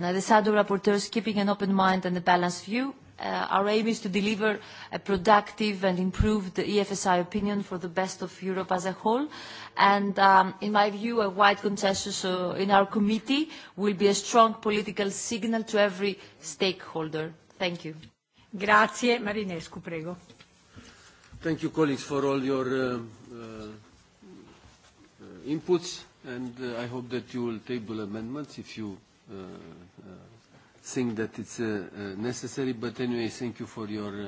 the shadow rapporteurs, keeping an open mind and a balanced view. Uh, our aim is to deliver a productive and improved EFSI opinion for the best of Europe as a whole. And um, in my view, a wide consensus in our committee will be a strong political signal to every stakeholder. Thank you. Grazie. Marinescu, prego. Thank you, colleagues, for all your uh, uh, uh, inputs, and uh, I hope that you will table amendments if you uh, uh, think that it's uh, uh, necessary. But anyway, thank you for your uh,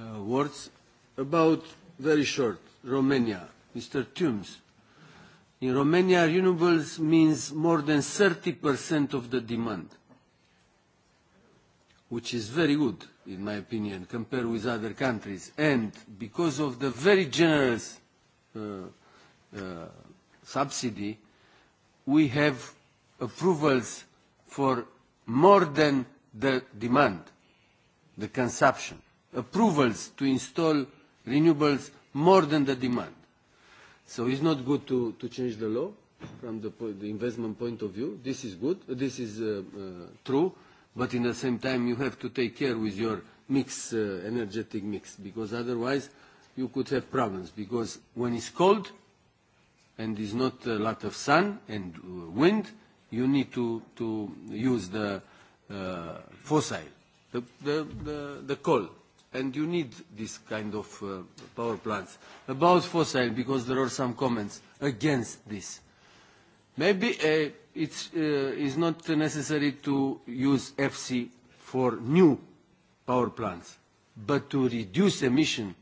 uh, words. About, very short, Romania, Mr. Toombs. In Romania, renewables means more than 30% of the demand, which is very good in my opinion, compared with other countries, and because of the very generous uh, uh, subsidy, we have approvals for more than the demand, the consumption. Approvals to install renewables more than the demand. So it's not good to, to change the law from the, the investment point of view. This is good. This is uh, uh, true but in the same time you have to take care with your mix, uh, energetic mix, because otherwise you could have problems, because when it's cold and there's not a lot of sun and uh, wind, you need to, to use the uh, fossil, the, the, the, the coal, and you need this kind of uh, power plants. About fossil, because there are some comments against this. Maybe a it's, uh, it's not necessary to use FC for new power plants, but to reduce emission,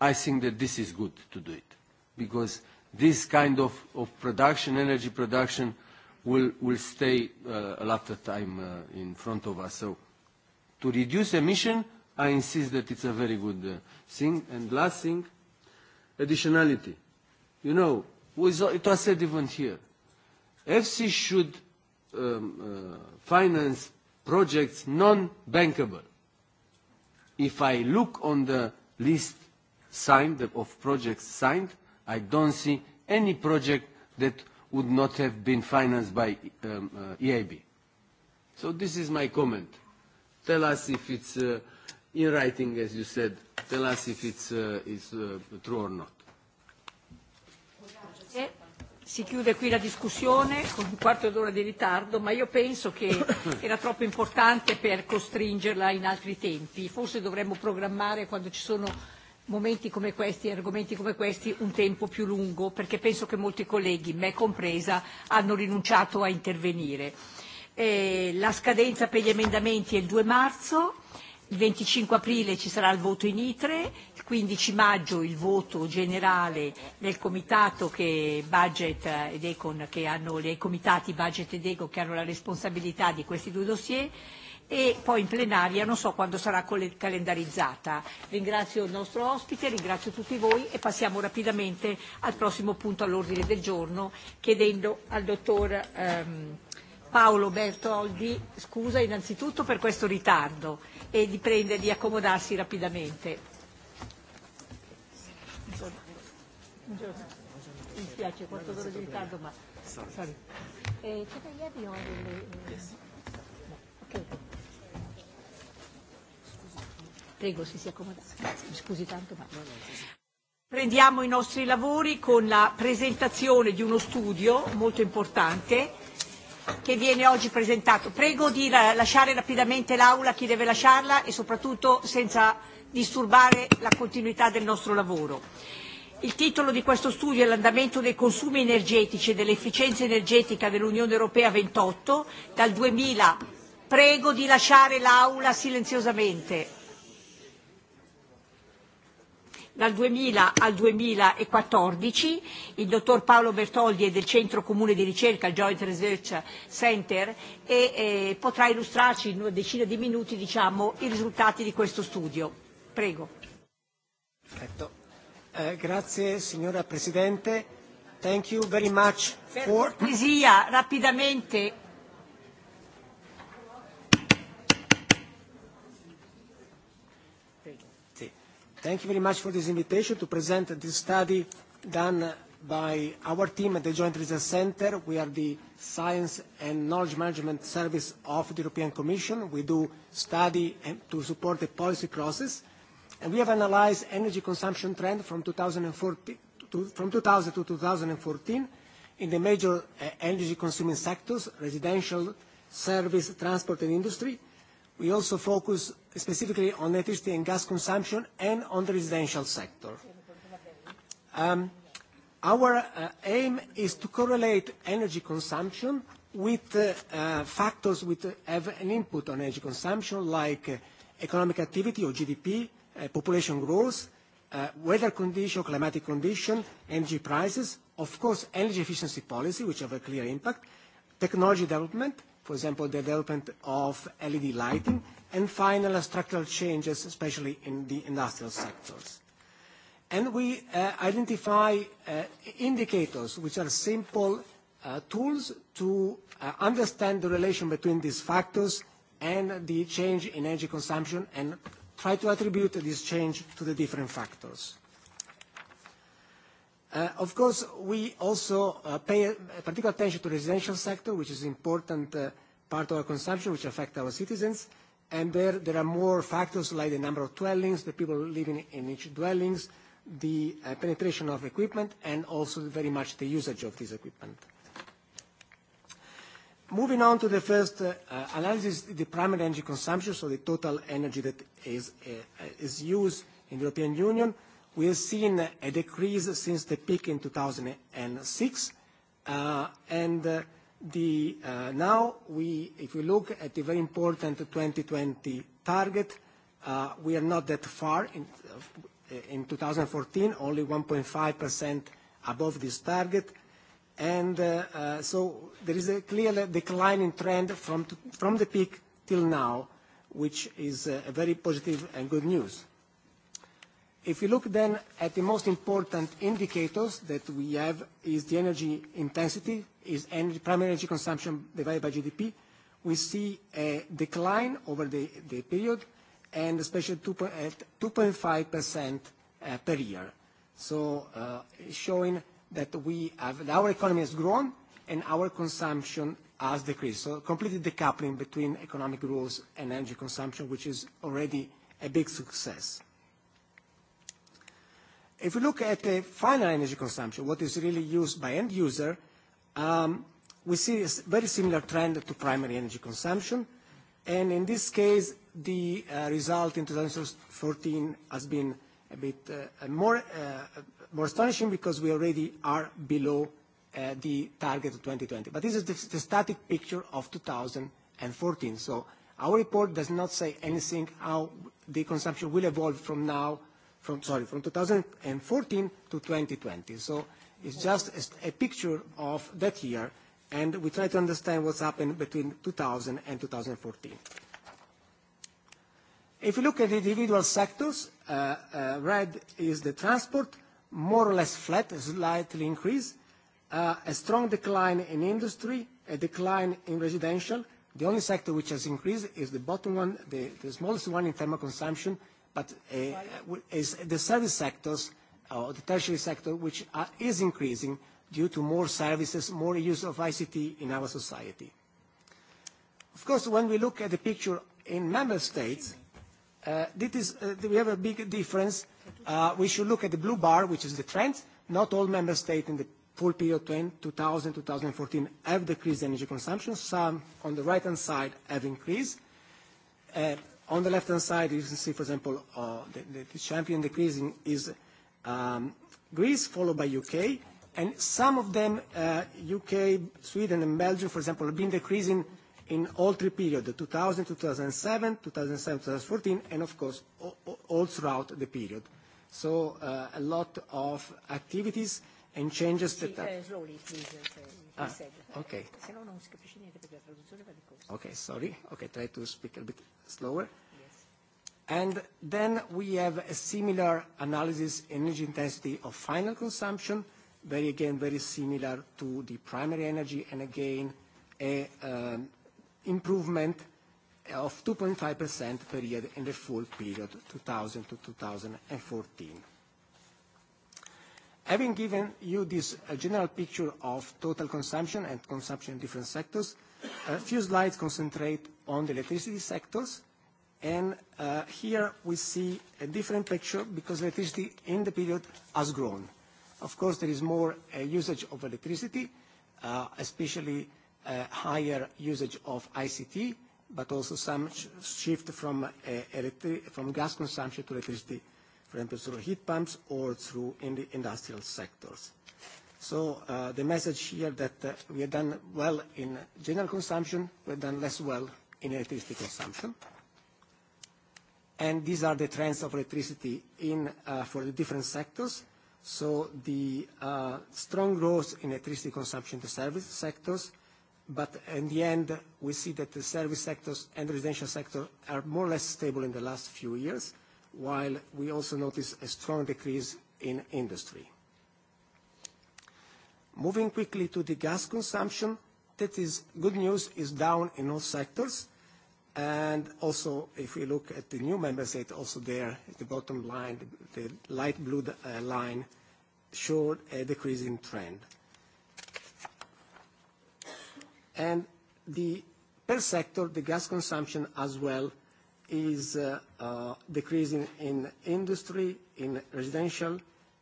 I think that this is good to do it, because this kind of, of production, energy production, will, will stay uh, a lot of time uh, in front of us. So to reduce emission, I insist that it's a very good uh, thing. And last thing, additionality. You know, it was said even here, EFSI should um, uh, finance projects non-bankable. If I look on the list signed, of projects signed, I don't see any project that would not have been financed by um, uh, EIB. So this is my comment. Tell us if it's uh, in writing, as you said. Tell us if it's, uh, it's uh, true or not si chiude qui la discussione con un quarto d'ora di ritardo, ma io penso che era troppo importante per costringerla in altri tempi. Forse dovremmo programmare quando ci sono momenti come questi, argomenti come questi, un tempo più lungo, perché penso che molti colleghi, me compresa, hanno rinunciato a intervenire. Eh, la scadenza per gli emendamenti è il 2 marzo, il 25 aprile ci sarà il voto in ITRE, 15 maggio il voto generale del comitato che budget eh, ed Econ, che hanno i comitati budget ed Econ che hanno la responsabilità di questi due dossier e poi in plenaria non so quando sarà calendarizzata. Ringrazio il nostro ospite, ringrazio tutti voi e passiamo rapidamente al prossimo punto all'ordine del giorno chiedendo al dottor ehm, Paolo Bertoldi scusa innanzitutto per questo ritardo e di, prendere, di accomodarsi rapidamente. Mi spiace, 4 ore di ritardo, ma... Sorry. Eh, c'è per gli avion delle... Yes. Ok. Prego, si sia accomodato. Mi scusi tanto, ma... Prendiamo i nostri lavori con la presentazione di uno studio molto importante che viene oggi presentato. Prego di lasciare rapidamente l'aula chi deve lasciarla e soprattutto senza disturbare la continuità del nostro lavoro Il titolo di questo studio è l'andamento dei consumi energetici e dell'efficienza energetica dell'Unione Europea 28 dal 2000. Prego di lasciare l'Aula silenziosamente. Dal 2000 al 2014 il dottor Paolo Bertoldi è del Centro Comune di Ricerca, Joint Research Center, e eh, potrà illustrarci in una decina di minuti diciamo, i risultati di questo studio. Prego. Perfetto. Uh, grazie, signora Presidente. Thank you very much for... Per rapidamente. Thank you very much for this invitation to present this study done by our team at the Joint Research Center. We are the science and knowledge management service of the European Commission. We do study to support the policy process. And we have analyzed energy consumption trend from 2014 to, from 2000 to 2014 in the major uh, energy consuming sectors, residential, service, transport, and industry. We also focus specifically on electricity and gas consumption and on the residential sector. Um, our uh, aim is to correlate energy consumption with uh, uh, factors which have an input on energy consumption, like economic activity or GDP, Uh, population growth, uh, weather condition, climatic condition, energy prices, of course, energy efficiency policy, which have a clear impact, technology development, for example, the development of LED lighting, and final structural changes, especially in the industrial sectors. And we uh, identify uh, indicators, which are simple uh, tools to uh, understand the relation between these factors and the change in energy consumption and try to attribute this change to the different factors. Uh, of course, we also uh, pay particular attention to residential sector, which is important uh, part of our consumption, which affect our citizens. And there, there are more factors like the number of dwellings, the people living in each dwellings, the uh, penetration of equipment, and also very much the usage of this equipment. Moving on to the first uh, analysis, the primary energy consumption, so the total energy that is, uh, is used in the European Union, we have seen a decrease since the peak in 2006. Uh, and uh, the, uh, now we, if we look at the very important 2020 target, uh, we are not that far. In, in 2014, only 1.5% above this target and uh, uh, so there is a clear declining trend from, from the peak till now, which is uh, a very positive and good news. If you look then at the most important indicators that we have is the energy intensity, is energy, primary energy consumption divided by GDP. We see a decline over the, the period, and especially 2.5% per year. So showing that we have, our economy has grown and our consumption has decreased. So completely decoupling between economic growth and energy consumption, which is already a big success. If we look at the final energy consumption, what is really used by end user, um, we see a very similar trend to primary energy consumption. And in this case, the uh, result in 2014 has been a bit uh, more uh, more astonishing because we already are below uh, the target of 2020. But this is the, the static picture of 2014. So our report does not say anything how the consumption will evolve from now, from, sorry, from 2014 to 2020. So it's just a, a picture of that year, and we try to understand what's happened between 2000 and 2014. If you look at the individual sectors, uh, uh, red is the transport, more or less flat, a slight increase, uh, a strong decline in industry, a decline in residential. The only sector which has increased is the bottom one, the, smallest one in terms of consumption, but uh, is the service sectors uh, or the tertiary sector, which is increasing due to more services, more use of ICT in our society. Of course, when we look at the picture in member states, we have a big difference Uh, we should look at the blue bar, which is the trend. Not all member states in the full period 2000-2014 have decreased energy consumption. Some on the right-hand side have increased. Uh, on the left-hand side, you can see, for example, uh, the, the champion decreasing is um, Greece, followed by U.K. And some of them, uh, U.K., Sweden, and Belgium, for example, have been decreasing in all three periods, 2000, 2007, 2007, 2014, and of course, all throughout the period. So uh, a lot of activities and changes that... Sì, eh, slowly, please. Eh, ah, okay. Se no non Okay, sorry. Okay, try to speak a bit slower. And then we have a similar analysis energy intensity of final consumption, very again, very similar to the primary energy, and again, a um, improvement of 2.5% per year in the full period, 2000 to 2014. Having given you this uh, general picture of total consumption and consumption in different sectors, a few slides concentrate on the electricity sectors. and uh, Here we see a different picture because electricity in the period has grown. Of course, there is more uh, usage of electricity, especially higher usage of ICT, but also some shift uh, from, gas consumption to electricity, for example, through heat pumps or through in the industrial sectors. So uh, the message here that uh, we have done well in general consumption, we have done less well in electricity consumption. And these are the trends of electricity in, for the different sectors. So the strong growth in electricity consumption in the service sectors, But in the end, we see that the service sectors and residential sector are more or less stable in the last few years, while we also notice a strong decrease in industry. Moving quickly to the gas consumption, that is good news, is down in all sectors. And also, if we look at the new member state, also there, at the bottom line, the light blue uh, line showed a decreasing trend and the per sector, the gas consumption as well is uh, uh, decreasing in industry, in residential,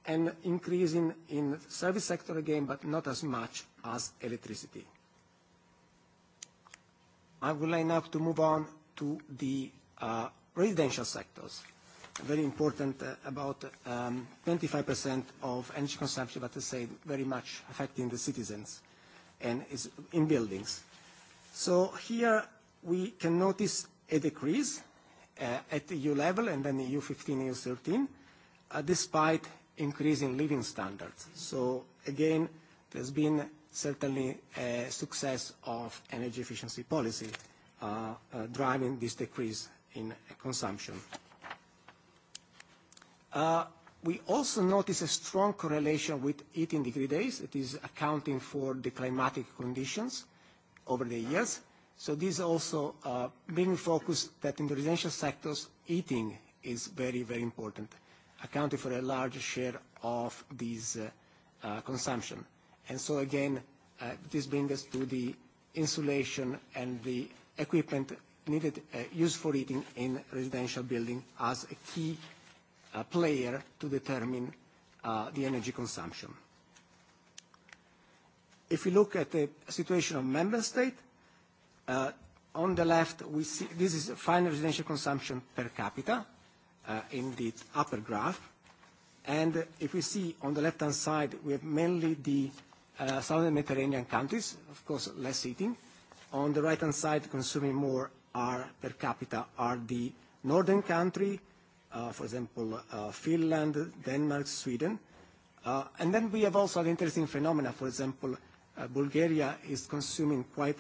and increasing in service sector again, but not as much as electricity. I would like now to move on to the uh, residential sectors. Very important, uh, about um, 25% of energy consumption, but to say very much affecting the citizens and is in buildings. So here we can notice a decrease uh, at the EU level and then the EU 15, EU 13, uh, despite increasing living standards. So again, there's been certainly a success of energy efficiency policy uh, uh, driving this decrease in consumption. Uh, We also notice a strong correlation with heating degree days. It is accounting for the climatic conditions over the years. So this also uh, being focused focus that in the residential sectors, heating is very, very important, accounting for a large share of this uh, uh, consumption. And so again, uh, this brings us to the insulation and the equipment needed, uh, used for heating in residential building as a key uh, player to determine uh, the energy consumption. If we look at the situation of member state, uh, on the left, we see this is final residential consumption per capita uh, in the upper graph. And if we see on the left-hand side, we have mainly the uh, southern Mediterranean countries, of course, less heating. On the right-hand side, consuming more are per capita are the northern country, Uh, for example, uh, Finland, Denmark, Sweden. Uh, and then we have also an interesting phenomena. For example, Bulgaria is consuming quite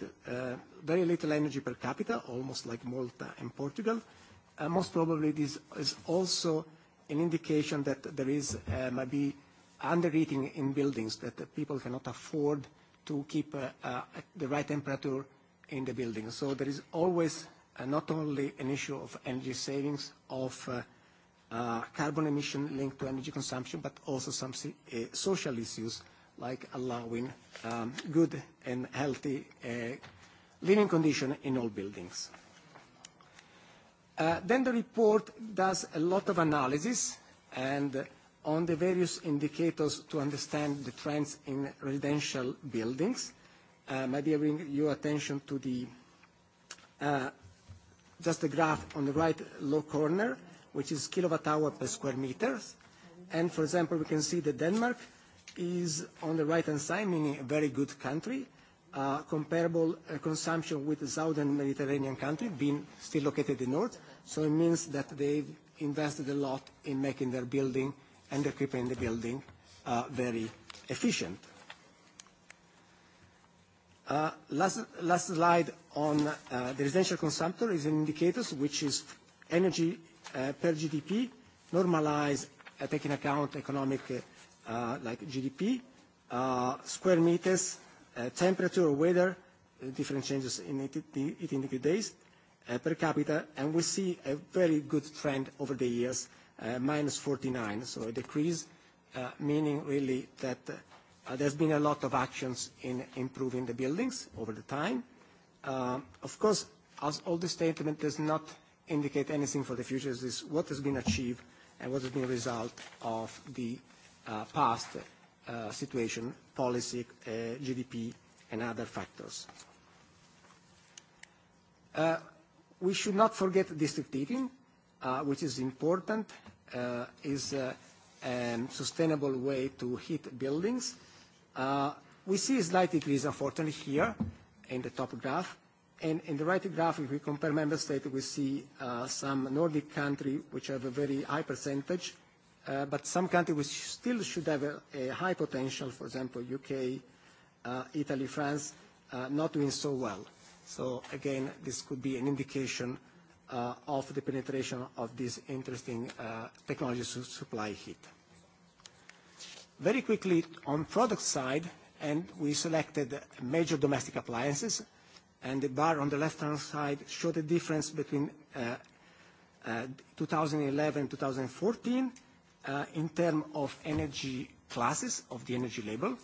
very little energy per capita, almost like Malta and Portugal. most probably this is also an indication that there is maybe under in buildings, that people cannot afford to keep uh, uh, at the right temperature in the building. So there is always uh, not only an issue of energy savings, of Uh, carbon emission linked to energy consumption, but also some uh, social issues like allowing um, good and healthy uh, living condition in all buildings. Uh, then the report does a lot of analysis and on the various indicators to understand the trends in residential buildings. Uh, maybe I bring your attention to the uh, just the graph on the right low corner, which is kilowatt hour per square meters. And for example, we can see that Denmark is on the right-hand side, meaning a very good country, uh, comparable uh, consumption with the southern Mediterranean country, being still located in north. So it means that they've invested a lot in making their building and equipping the building uh, very efficient. Uh, last, last slide on uh, the residential consumptor is an indicator which is energy Uh, per GDP, normalized, uh, taking account economic uh, like GDP, uh, square meters, uh, temperature or weather, uh, different changes in heating degree days uh, per capita, and we see a very good trend over the years, uh, minus 49, so a decrease, uh, meaning really that uh, there's been a lot of actions in improving the buildings over the time. Uh, of course, as all the statement does not indicate anything for the future is what has been achieved and what has been a result of the uh, past uh, situation, policy, uh, GDP, and other factors. Uh, we should not forget district heating, uh, which is important, uh, is a uh, a sustainable way to heat buildings. Uh, we see a slight decrease, unfortunately, here in the top graph, And in the right graph, if we compare member states, we see uh, some Nordic country which have a very high percentage, uh, but some country which still should have a, a high potential, for example, U.K., uh, Italy, France, uh, not doing so well. So again, this could be an indication uh, of the penetration of this interesting uh, technology to supply heat. Very quickly, on product side, and we selected major domestic appliances, and the bar on the left-hand side show the difference between uh, uh, 2011 and 2014 uh, in terms of energy classes of the energy label,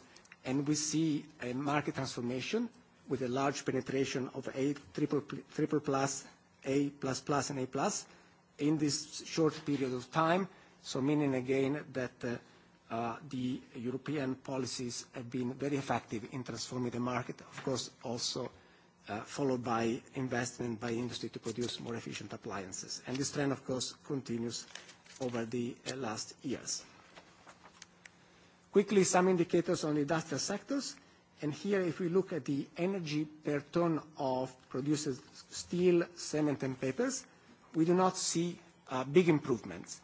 and we see a market transformation with a large penetration of A++, triple, triple plus, A++, plus plus and A+, plus in this short period of time. So meaning again that Uh, uh the European policies have been very effective in transforming the market, of course, also Uh, followed by investment by industry to produce more efficient appliances. and This trend, of course, continues over the uh, last years. Quickly, some indicators on industrial sectors. and Here, if we look at the energy per ton of produced steel, cement, and papers, we do not see uh, big improvements.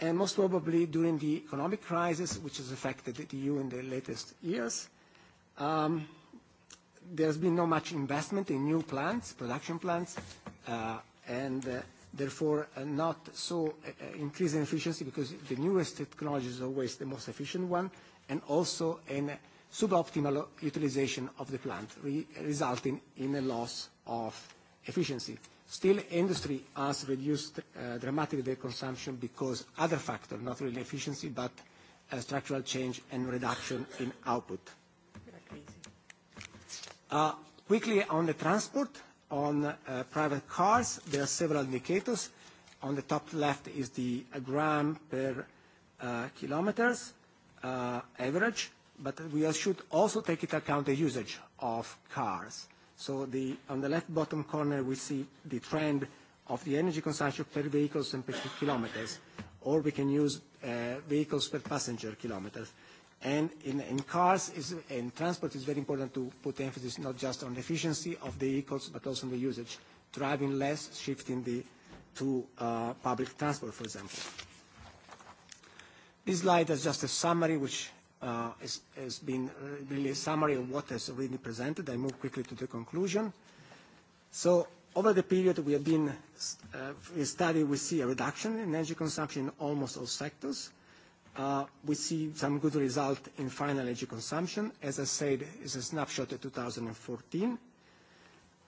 and Most probably during the economic crisis, which has affected the EU in the latest years, um, there's been not much investment in new plants, production plants, uh, and uh, therefore uh, not so uh, uh, increase in efficiency because the newest technology is always the most efficient one, and also in suboptimal utilization of the plant, re resulting in a loss of efficiency. Still, industry has reduced uh, dramatically their consumption because other factor, not really efficiency, but structural change and reduction in output. Uh, quickly on the transport, on uh, private cars, there are several indicators. On the top left is the gram per uh, kilometers average, but we should also take into account the usage of cars. So on the left bottom corner, we see the trend of the energy consumption per vehicles and per kilometers, or we can use vehicles per passenger kilometers. And in, in cars is, and transport, it's very important to put emphasis not just on efficiency of the vehicles, but also on the usage, driving less, shifting the, to uh, public transport, for example. This slide is just a summary, which uh, is, has been uh, really a summary of what has already presented. I move quickly to the conclusion. So over the period we have been uh, studying, we see a reduction in energy consumption in almost all sectors. Uh, we see some good result in final energy consumption. As I said, it's a snapshot of 2014.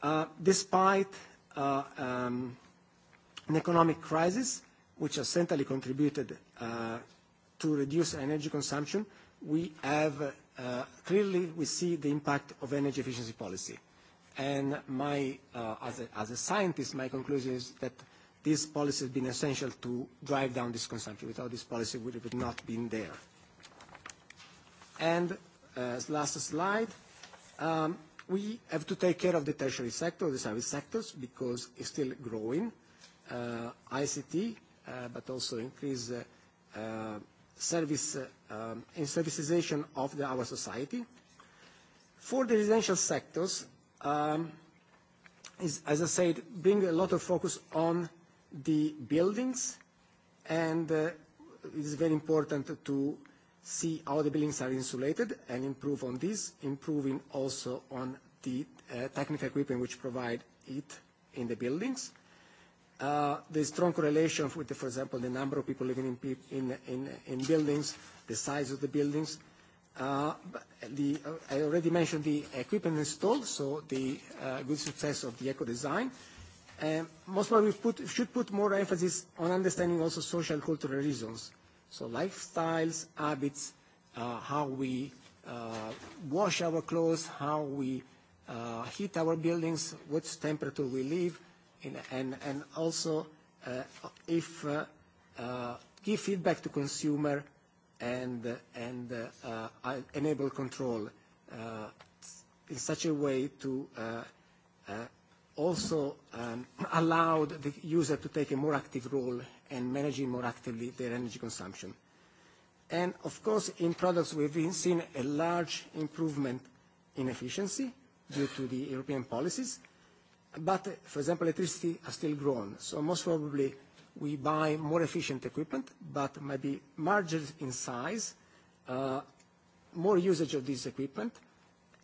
Uh, despite uh, um, an economic crisis, which essentially contributed to reduce energy consumption, we have clearly we see the impact of energy efficiency policy. And my, as a scientist, my conclusion is that this policy has been essential to drive down this consumption. Without this policy, we would have not been there. And uh, last slide. Um, we have to take care of the tertiary sector, the service sectors, because it's still growing. Uh, ICT, uh, but also increase service um, servicization of our society. For the residential sectors, um, as I said, bring a lot of focus on the buildings, and uh, it is very important to see how the buildings are insulated and improve on this, improving also on the uh, technical equipment which provide it in the buildings. Uh, the strong correlation with, the, for example, the number of people living in, in, in, in buildings, the size of the buildings. Uh, the, uh, I already mentioned the equipment installed, so the uh, good success of the eco-design. Um, most probably put, should put more emphasis on understanding also social cultural reasons. So lifestyles, habits, uh, how we uh, wash our clothes, how we uh, heat our buildings, what temperature we live, in, and, and also uh, if uh, uh, give feedback to consumer and, and uh, uh, enable control uh, in such a way to uh, uh, also um, allowed the user to take a more active role in managing more actively their energy consumption. And of course, in products, we've seen a large improvement in efficiency due to the European policies. But, uh, for example, electricity has still grown. So most probably we buy more efficient equipment, but maybe margins in size, uh, more usage of this equipment,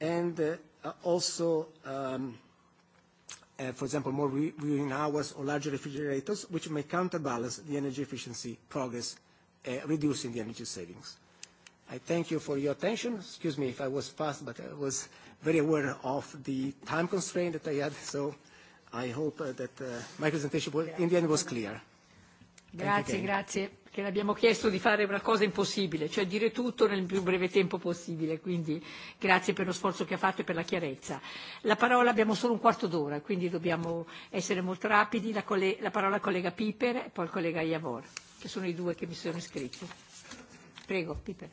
and uh, also um, uh, for example, more viewing hours or larger refrigerators, which may counterbalance the energy efficiency progress, uh, reducing the energy savings. I thank you for your attention. Excuse me if I was fast, but I was very aware of the time constraint that I had, so I hope uh, that uh, my presentation, will, in the end, was clear. Grazie, grazie perché le abbiamo chiesto di fare una cosa impossibile, cioè dire tutto nel più breve tempo possibile, quindi grazie per lo sforzo che ha fatto e per la chiarezza. La parola abbiamo solo un quarto d'ora, quindi dobbiamo essere molto rapidi. La, coll- la parola al collega Piper e poi al collega Iavor, che sono i due che mi sono iscritti. Prego, Piper.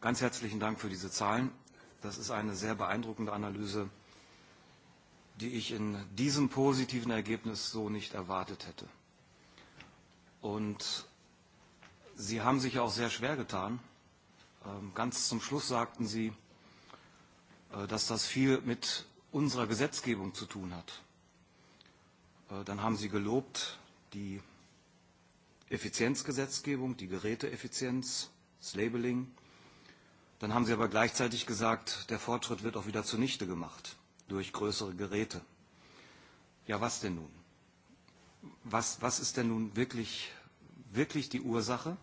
Ganz herzlichen Dank für diese Zahlen. Das ist eine sehr beeindruckende Analyse, die ich in diesem positiven Ergebnis so nicht erwartet hätte. Und Sie haben sich auch sehr schwer getan. Ähm, ganz zum Schluss sagten Sie, äh, dass das viel mit unserer Gesetzgebung zu tun hat. Äh, dann haben Sie gelobt die Effizienzgesetzgebung, die Geräteeffizienz, das Labeling, Dann haben Sie aber gleichzeitig gesagt, der Fortschritt wird auch wieder zunichte gemacht durch größere Geräte. Ja, was denn nun? Was, was ist denn nun wirklich, wirklich die Ursache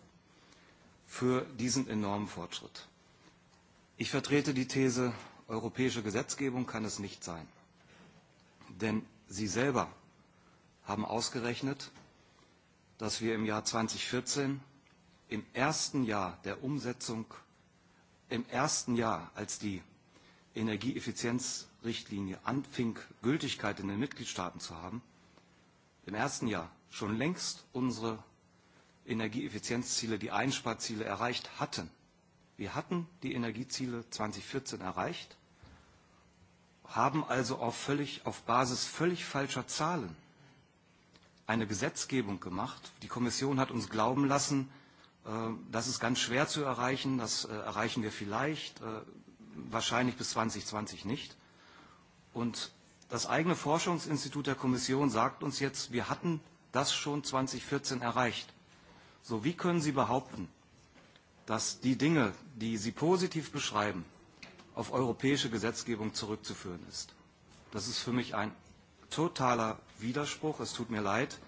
für diesen enormen Fortschritt? Ich vertrete die These, europäische Gesetzgebung kann es nicht sein. Denn Sie selber haben ausgerechnet, dass wir im Jahr 2014 im ersten Jahr der Umsetzung im ersten Jahr, als die Energieeffizienzrichtlinie anfing, Gültigkeit in den Mitgliedstaaten zu haben, im ersten Jahr schon längst unsere Energieeffizienzziele, die Einsparziele erreicht hatten. Wir hatten die Energieziele 2014 erreicht, haben also auf, völlig, auf Basis völlig falscher Zahlen eine Gesetzgebung gemacht. Die Kommission hat uns glauben lassen, Äh, das ist ganz schwer zu erreichen. Das äh, erreichen wir vielleicht, äh, wahrscheinlich bis 2020 nicht. Und das eigene Forschungsinstitut der Kommission sagt uns jetzt, wir hatten das schon 2014 erreicht. So, wie können Sie behaupten, dass die Dinge, die Sie positiv beschreiben, auf europäische Gesetzgebung zurückzuführen ist? Das ist für mich ein totaler Widerspruch. Es tut mir leid.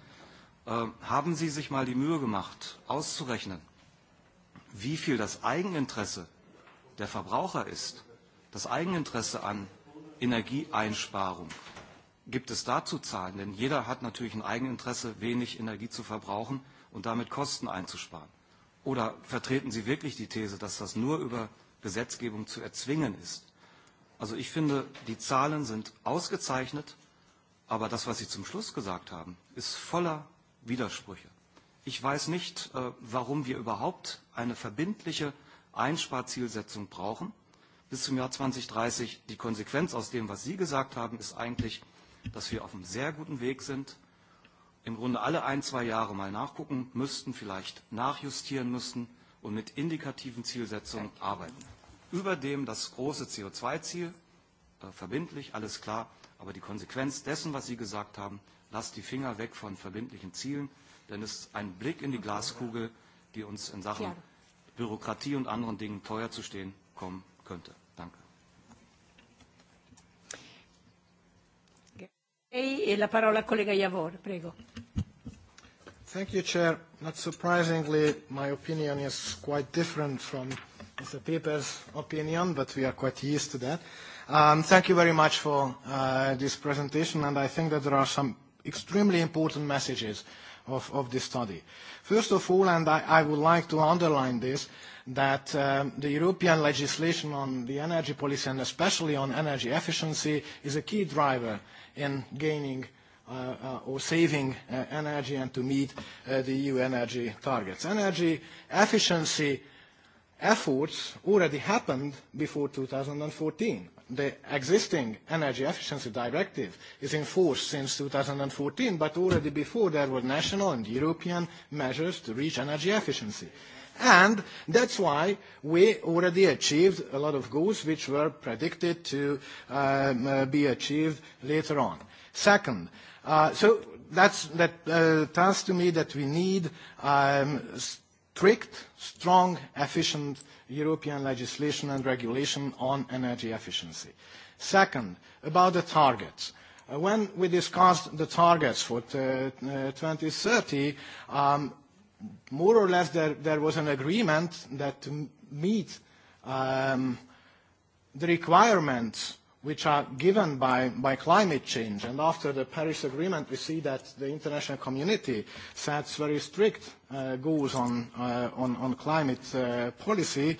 Ähm, haben Sie sich mal die Mühe gemacht, auszurechnen, wie viel das Eigeninteresse der Verbraucher ist, das Eigeninteresse an Energieeinsparung? Gibt es dazu Zahlen? Denn jeder hat natürlich ein Eigeninteresse, wenig Energie zu verbrauchen und damit Kosten einzusparen. Oder vertreten Sie wirklich die These, dass das nur über Gesetzgebung zu erzwingen ist? Also ich finde, die Zahlen sind ausgezeichnet, aber das, was Sie zum Schluss gesagt haben, ist voller Widersprüche. Ich weiß nicht, äh, warum wir überhaupt eine verbindliche Einsparzielsetzung brauchen. Bis zum Jahr 2030, die Konsequenz aus dem, was Sie gesagt haben, ist eigentlich, dass wir auf einem sehr guten Weg sind, im Grunde alle ein, zwei Jahre mal nachgucken müssten, vielleicht nachjustieren müssten und mit indikativen Zielsetzungen arbeiten. Über dem das große CO2-Ziel, äh, verbindlich, alles klar, aber die Konsequenz dessen, was Sie gesagt haben, lasst die Finger weg von verbindlichen Zielen, denn es ist ein Blick in die Glaskugel, die uns in Sachen Bürokratie und anderen Dingen teuer zu stehen kommen könnte. Danke. La parola collega Javor, prego. Thank you, Chair. Not surprisingly, my opinion is quite different from Mr. Pieper's opinion, but we are quite used to that. Um, thank you very much for uh, this presentation, and I think that there are some extremely important messages of, of this study. First of all, and I, I would like to underline this, that um, the European legislation on the energy policy and especially on energy efficiency is a key driver in gaining uh, uh, or saving uh, energy and to meet uh, the EU energy targets. Energy efficiency efforts already happened before 2014 the existing Energy Efficiency Directive is in force since 2014, but already before there were national and European measures to reach energy efficiency. And that's why we already achieved a lot of goals which were predicted to um, uh, be achieved later on. Second, uh, so that's, that uh, tells to me that we need um, strict, strong, efficient European legislation and regulation on energy efficiency. Second, about the targets. Uh, when we discussed the targets for uh, 2030, um, more or less there, there was an agreement that to meet um, the requirements which are given by, by climate change. And after the Paris Agreement, we see that the international community sets very strict uh, goals on, uh, on, on climate uh, policy.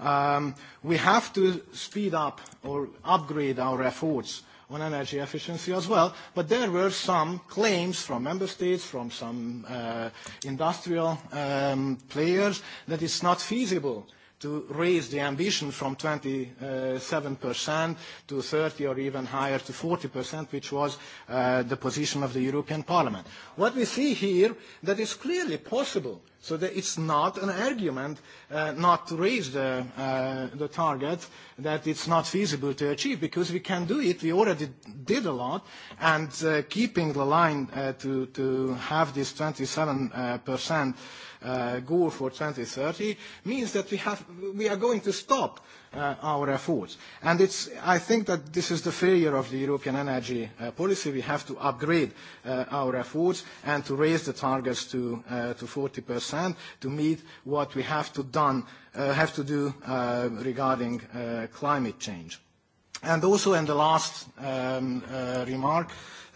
Um, we have to speed up or upgrade our efforts on energy efficiency as well. But there were some claims from member states, from some uh, industrial um, players, that it's not feasible to raise the ambition from 27% to 30 or even higher to 40%, which was uh, the position of the European Parliament. What we see here, that is clearly possible. So that it's not an argument uh, not to raise the, uh, the target that it's not feasible to achieve because we can do it. We already did a lot and uh, keeping the line uh, to, to have this 27% uh, uh, goal for 2030 means that we, have, we are going to stop uh, our efforts. And it's, I think that this is the failure of the European energy uh, policy. We have to upgrade uh, our efforts and to raise the targets to, uh, to 40% to meet what we have to, done, uh, have to do uh, regarding uh, climate change. And also, and the last um, uh, remark,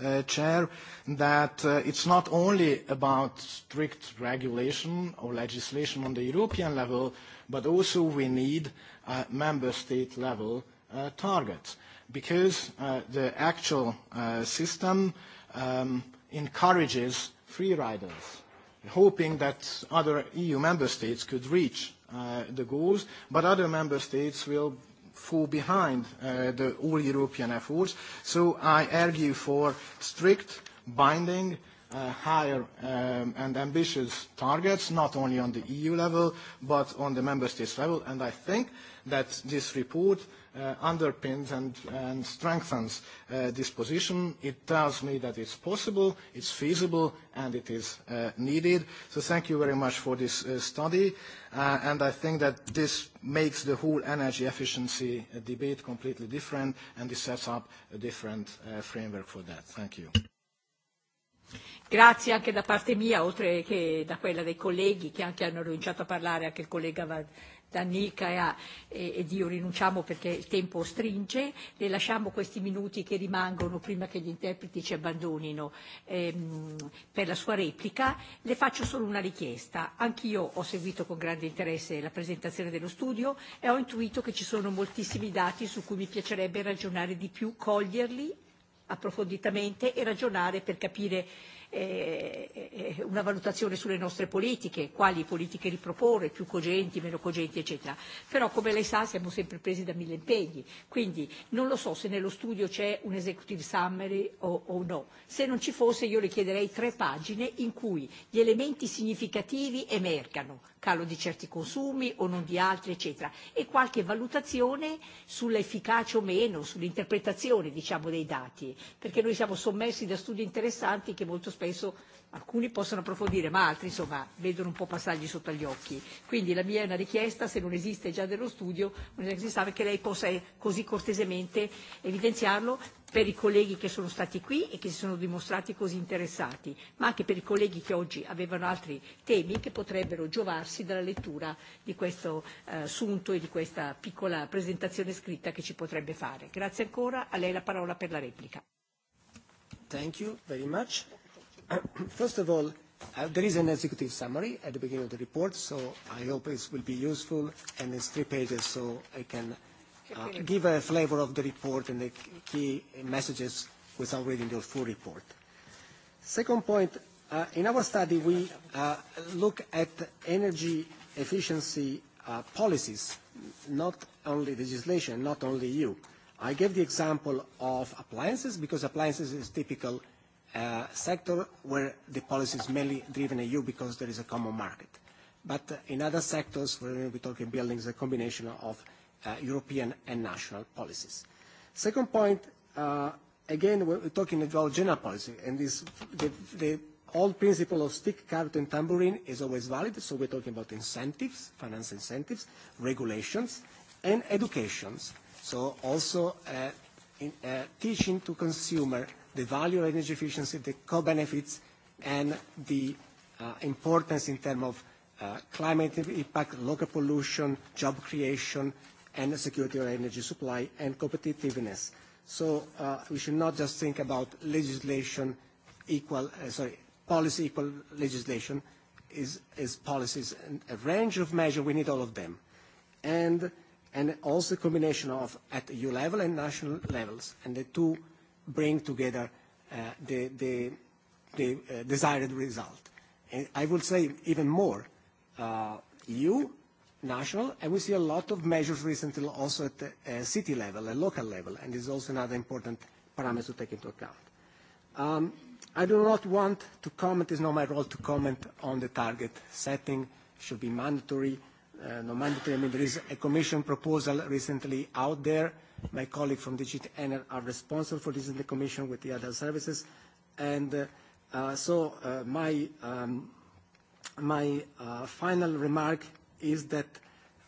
uh, Chair, that uh, it's not only about strict regulation or legislation on the European level, but also we need a member state level uh, targets because uh, the actual uh, system um, encourages free riders, hoping that other EU member states could reach uh, the goals, but other member states will fall behind uh, the all European efforts. So I argue for strict, binding, uh, higher um, and ambitious targets, not only on the EU level, but on the member states level. And I think that this report Uh, underpins and, strengthens uh, this position. It tells me that it's possible, it's feasible, and it is uh, needed. So thank you very much for this study, and I think that this makes the whole energy efficiency debate completely different, and it sets up a different framework for that. Thank you. Grazie anche da parte mia, oltre che da quella dei colleghi che anche hanno rinunciato a parlare, anche il collega Van da D'Annica e, e io rinunciamo perché il tempo stringe, le lasciamo questi minuti che rimangono prima che gli interpreti ci abbandonino ehm, per la sua replica. Le faccio solo una richiesta. Anch'io ho seguito con grande interesse la presentazione dello studio e ho intuito che ci sono moltissimi dati su cui mi piacerebbe ragionare di più, coglierli approfonditamente e ragionare per capire eh, una valutazione sulle nostre politiche, quali politiche riproporre, più cogenti, meno cogenti, eccetera. Però, come lei sa, siamo sempre presi da mille impegni, quindi non lo so se nello studio c'è un executive summary o, o no. Se non ci fosse io le chiederei tre pagine in cui gli elementi significativi emergano, calo di certi consumi o non di altri, eccetera, e qualche valutazione sull'efficacia o meno, sull'interpretazione diciamo, dei dati, perché noi siamo sommersi da studi interessanti che molto spesso spesso alcuni possono approfondire, ma altri insomma vedono un po' passargli sotto gli occhi. Quindi la mia è una richiesta, se non esiste già dello studio, che lei possa eh, così cortesemente evidenziarlo per i colleghi che sono stati qui e che si sono dimostrati così interessati, ma anche per i colleghi che oggi avevano altri temi che potrebbero giovarsi dalla lettura di questo eh, assunto eh, e di questa piccola presentazione scritta che ci potrebbe fare. Grazie ancora, a lei la parola per la replica. Thank you very much. First of all, uh, there is an executive summary at the beginning of the report, so I hope it will be useful, and it's three pages, so I can uh, give a flavor of the report and the key messages without reading the full report. Second point, uh, in our study, we uh, look at energy efficiency uh, policies, not only legislation, not only EU. I gave the example of appliances because appliances is typical Uh, sector where the policy is mainly driven EU because there is a common market. But uh, in other sectors, when we talking buildings, a combination of uh, European and national policies. Second point, uh, again, we're talking about general policy, and this, the, the old principle of stick, carrot, and tambourine is always valid, so we're talking about incentives, finance incentives, regulations, and educations. So also uh, in, uh, teaching to consumer the value of energy efficiency, the co-benefits, and the uh, importance in terms of uh, climate impact, local pollution, job creation, and security of energy supply and competitiveness. So uh, we should not just think about legislation equal, uh, sorry, policy equal legislation is, is policies and a range of measures. We need all of them. And, and also a combination of at EU level and national levels. And the two bring together uh, the, the, the uh, desired result. And I would say even more, uh, EU, national, and we see a lot of measures recently also at the uh, city level and local level, and is also another important parameter to take into account. Um, I do not want to comment, it's not my role to comment on the target setting, should be mandatory, uh, no mandatory. I mean, there is a commission proposal recently out there My colleague from DG Enel are responsible for this in the Commission with the other services. And uh, uh, so uh, my, um, my uh, final remark is that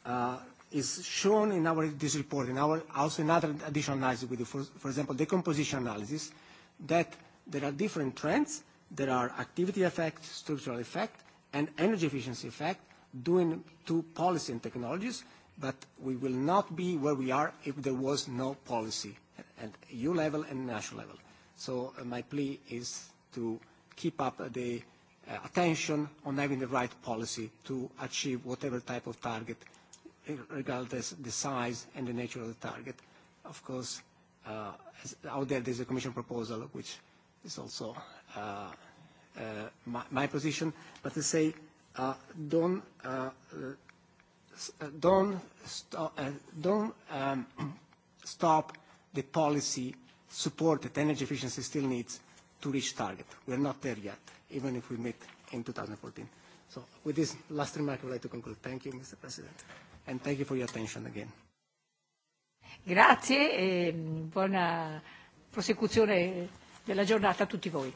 uh, is shown in our this report, in our also in other additional analysis we do, for, for example, decomposition analysis, that there are different trends. There are activity effect, structural effect, and energy efficiency effect doing to policy and technologies but we will not be where we are if there was no policy at EU level and national level. So uh, my plea is to keep up the uh, attention on having the right policy to achieve whatever type of target, regardless the size and the nature of the target. Of course, uh, out there there's a Commission proposal, which is also uh, uh, my, my position. But to say, uh, don't uh, don't, st uh, don't um, stop the policy support that energy efficiency still needs to reach target. We're not there yet, even if we meet in 2014. So with this last remark, I would like to conclude. Thank you, Mr. President, and thank you for your attention again. Grazie e buona prosecuzione della giornata a tutti voi.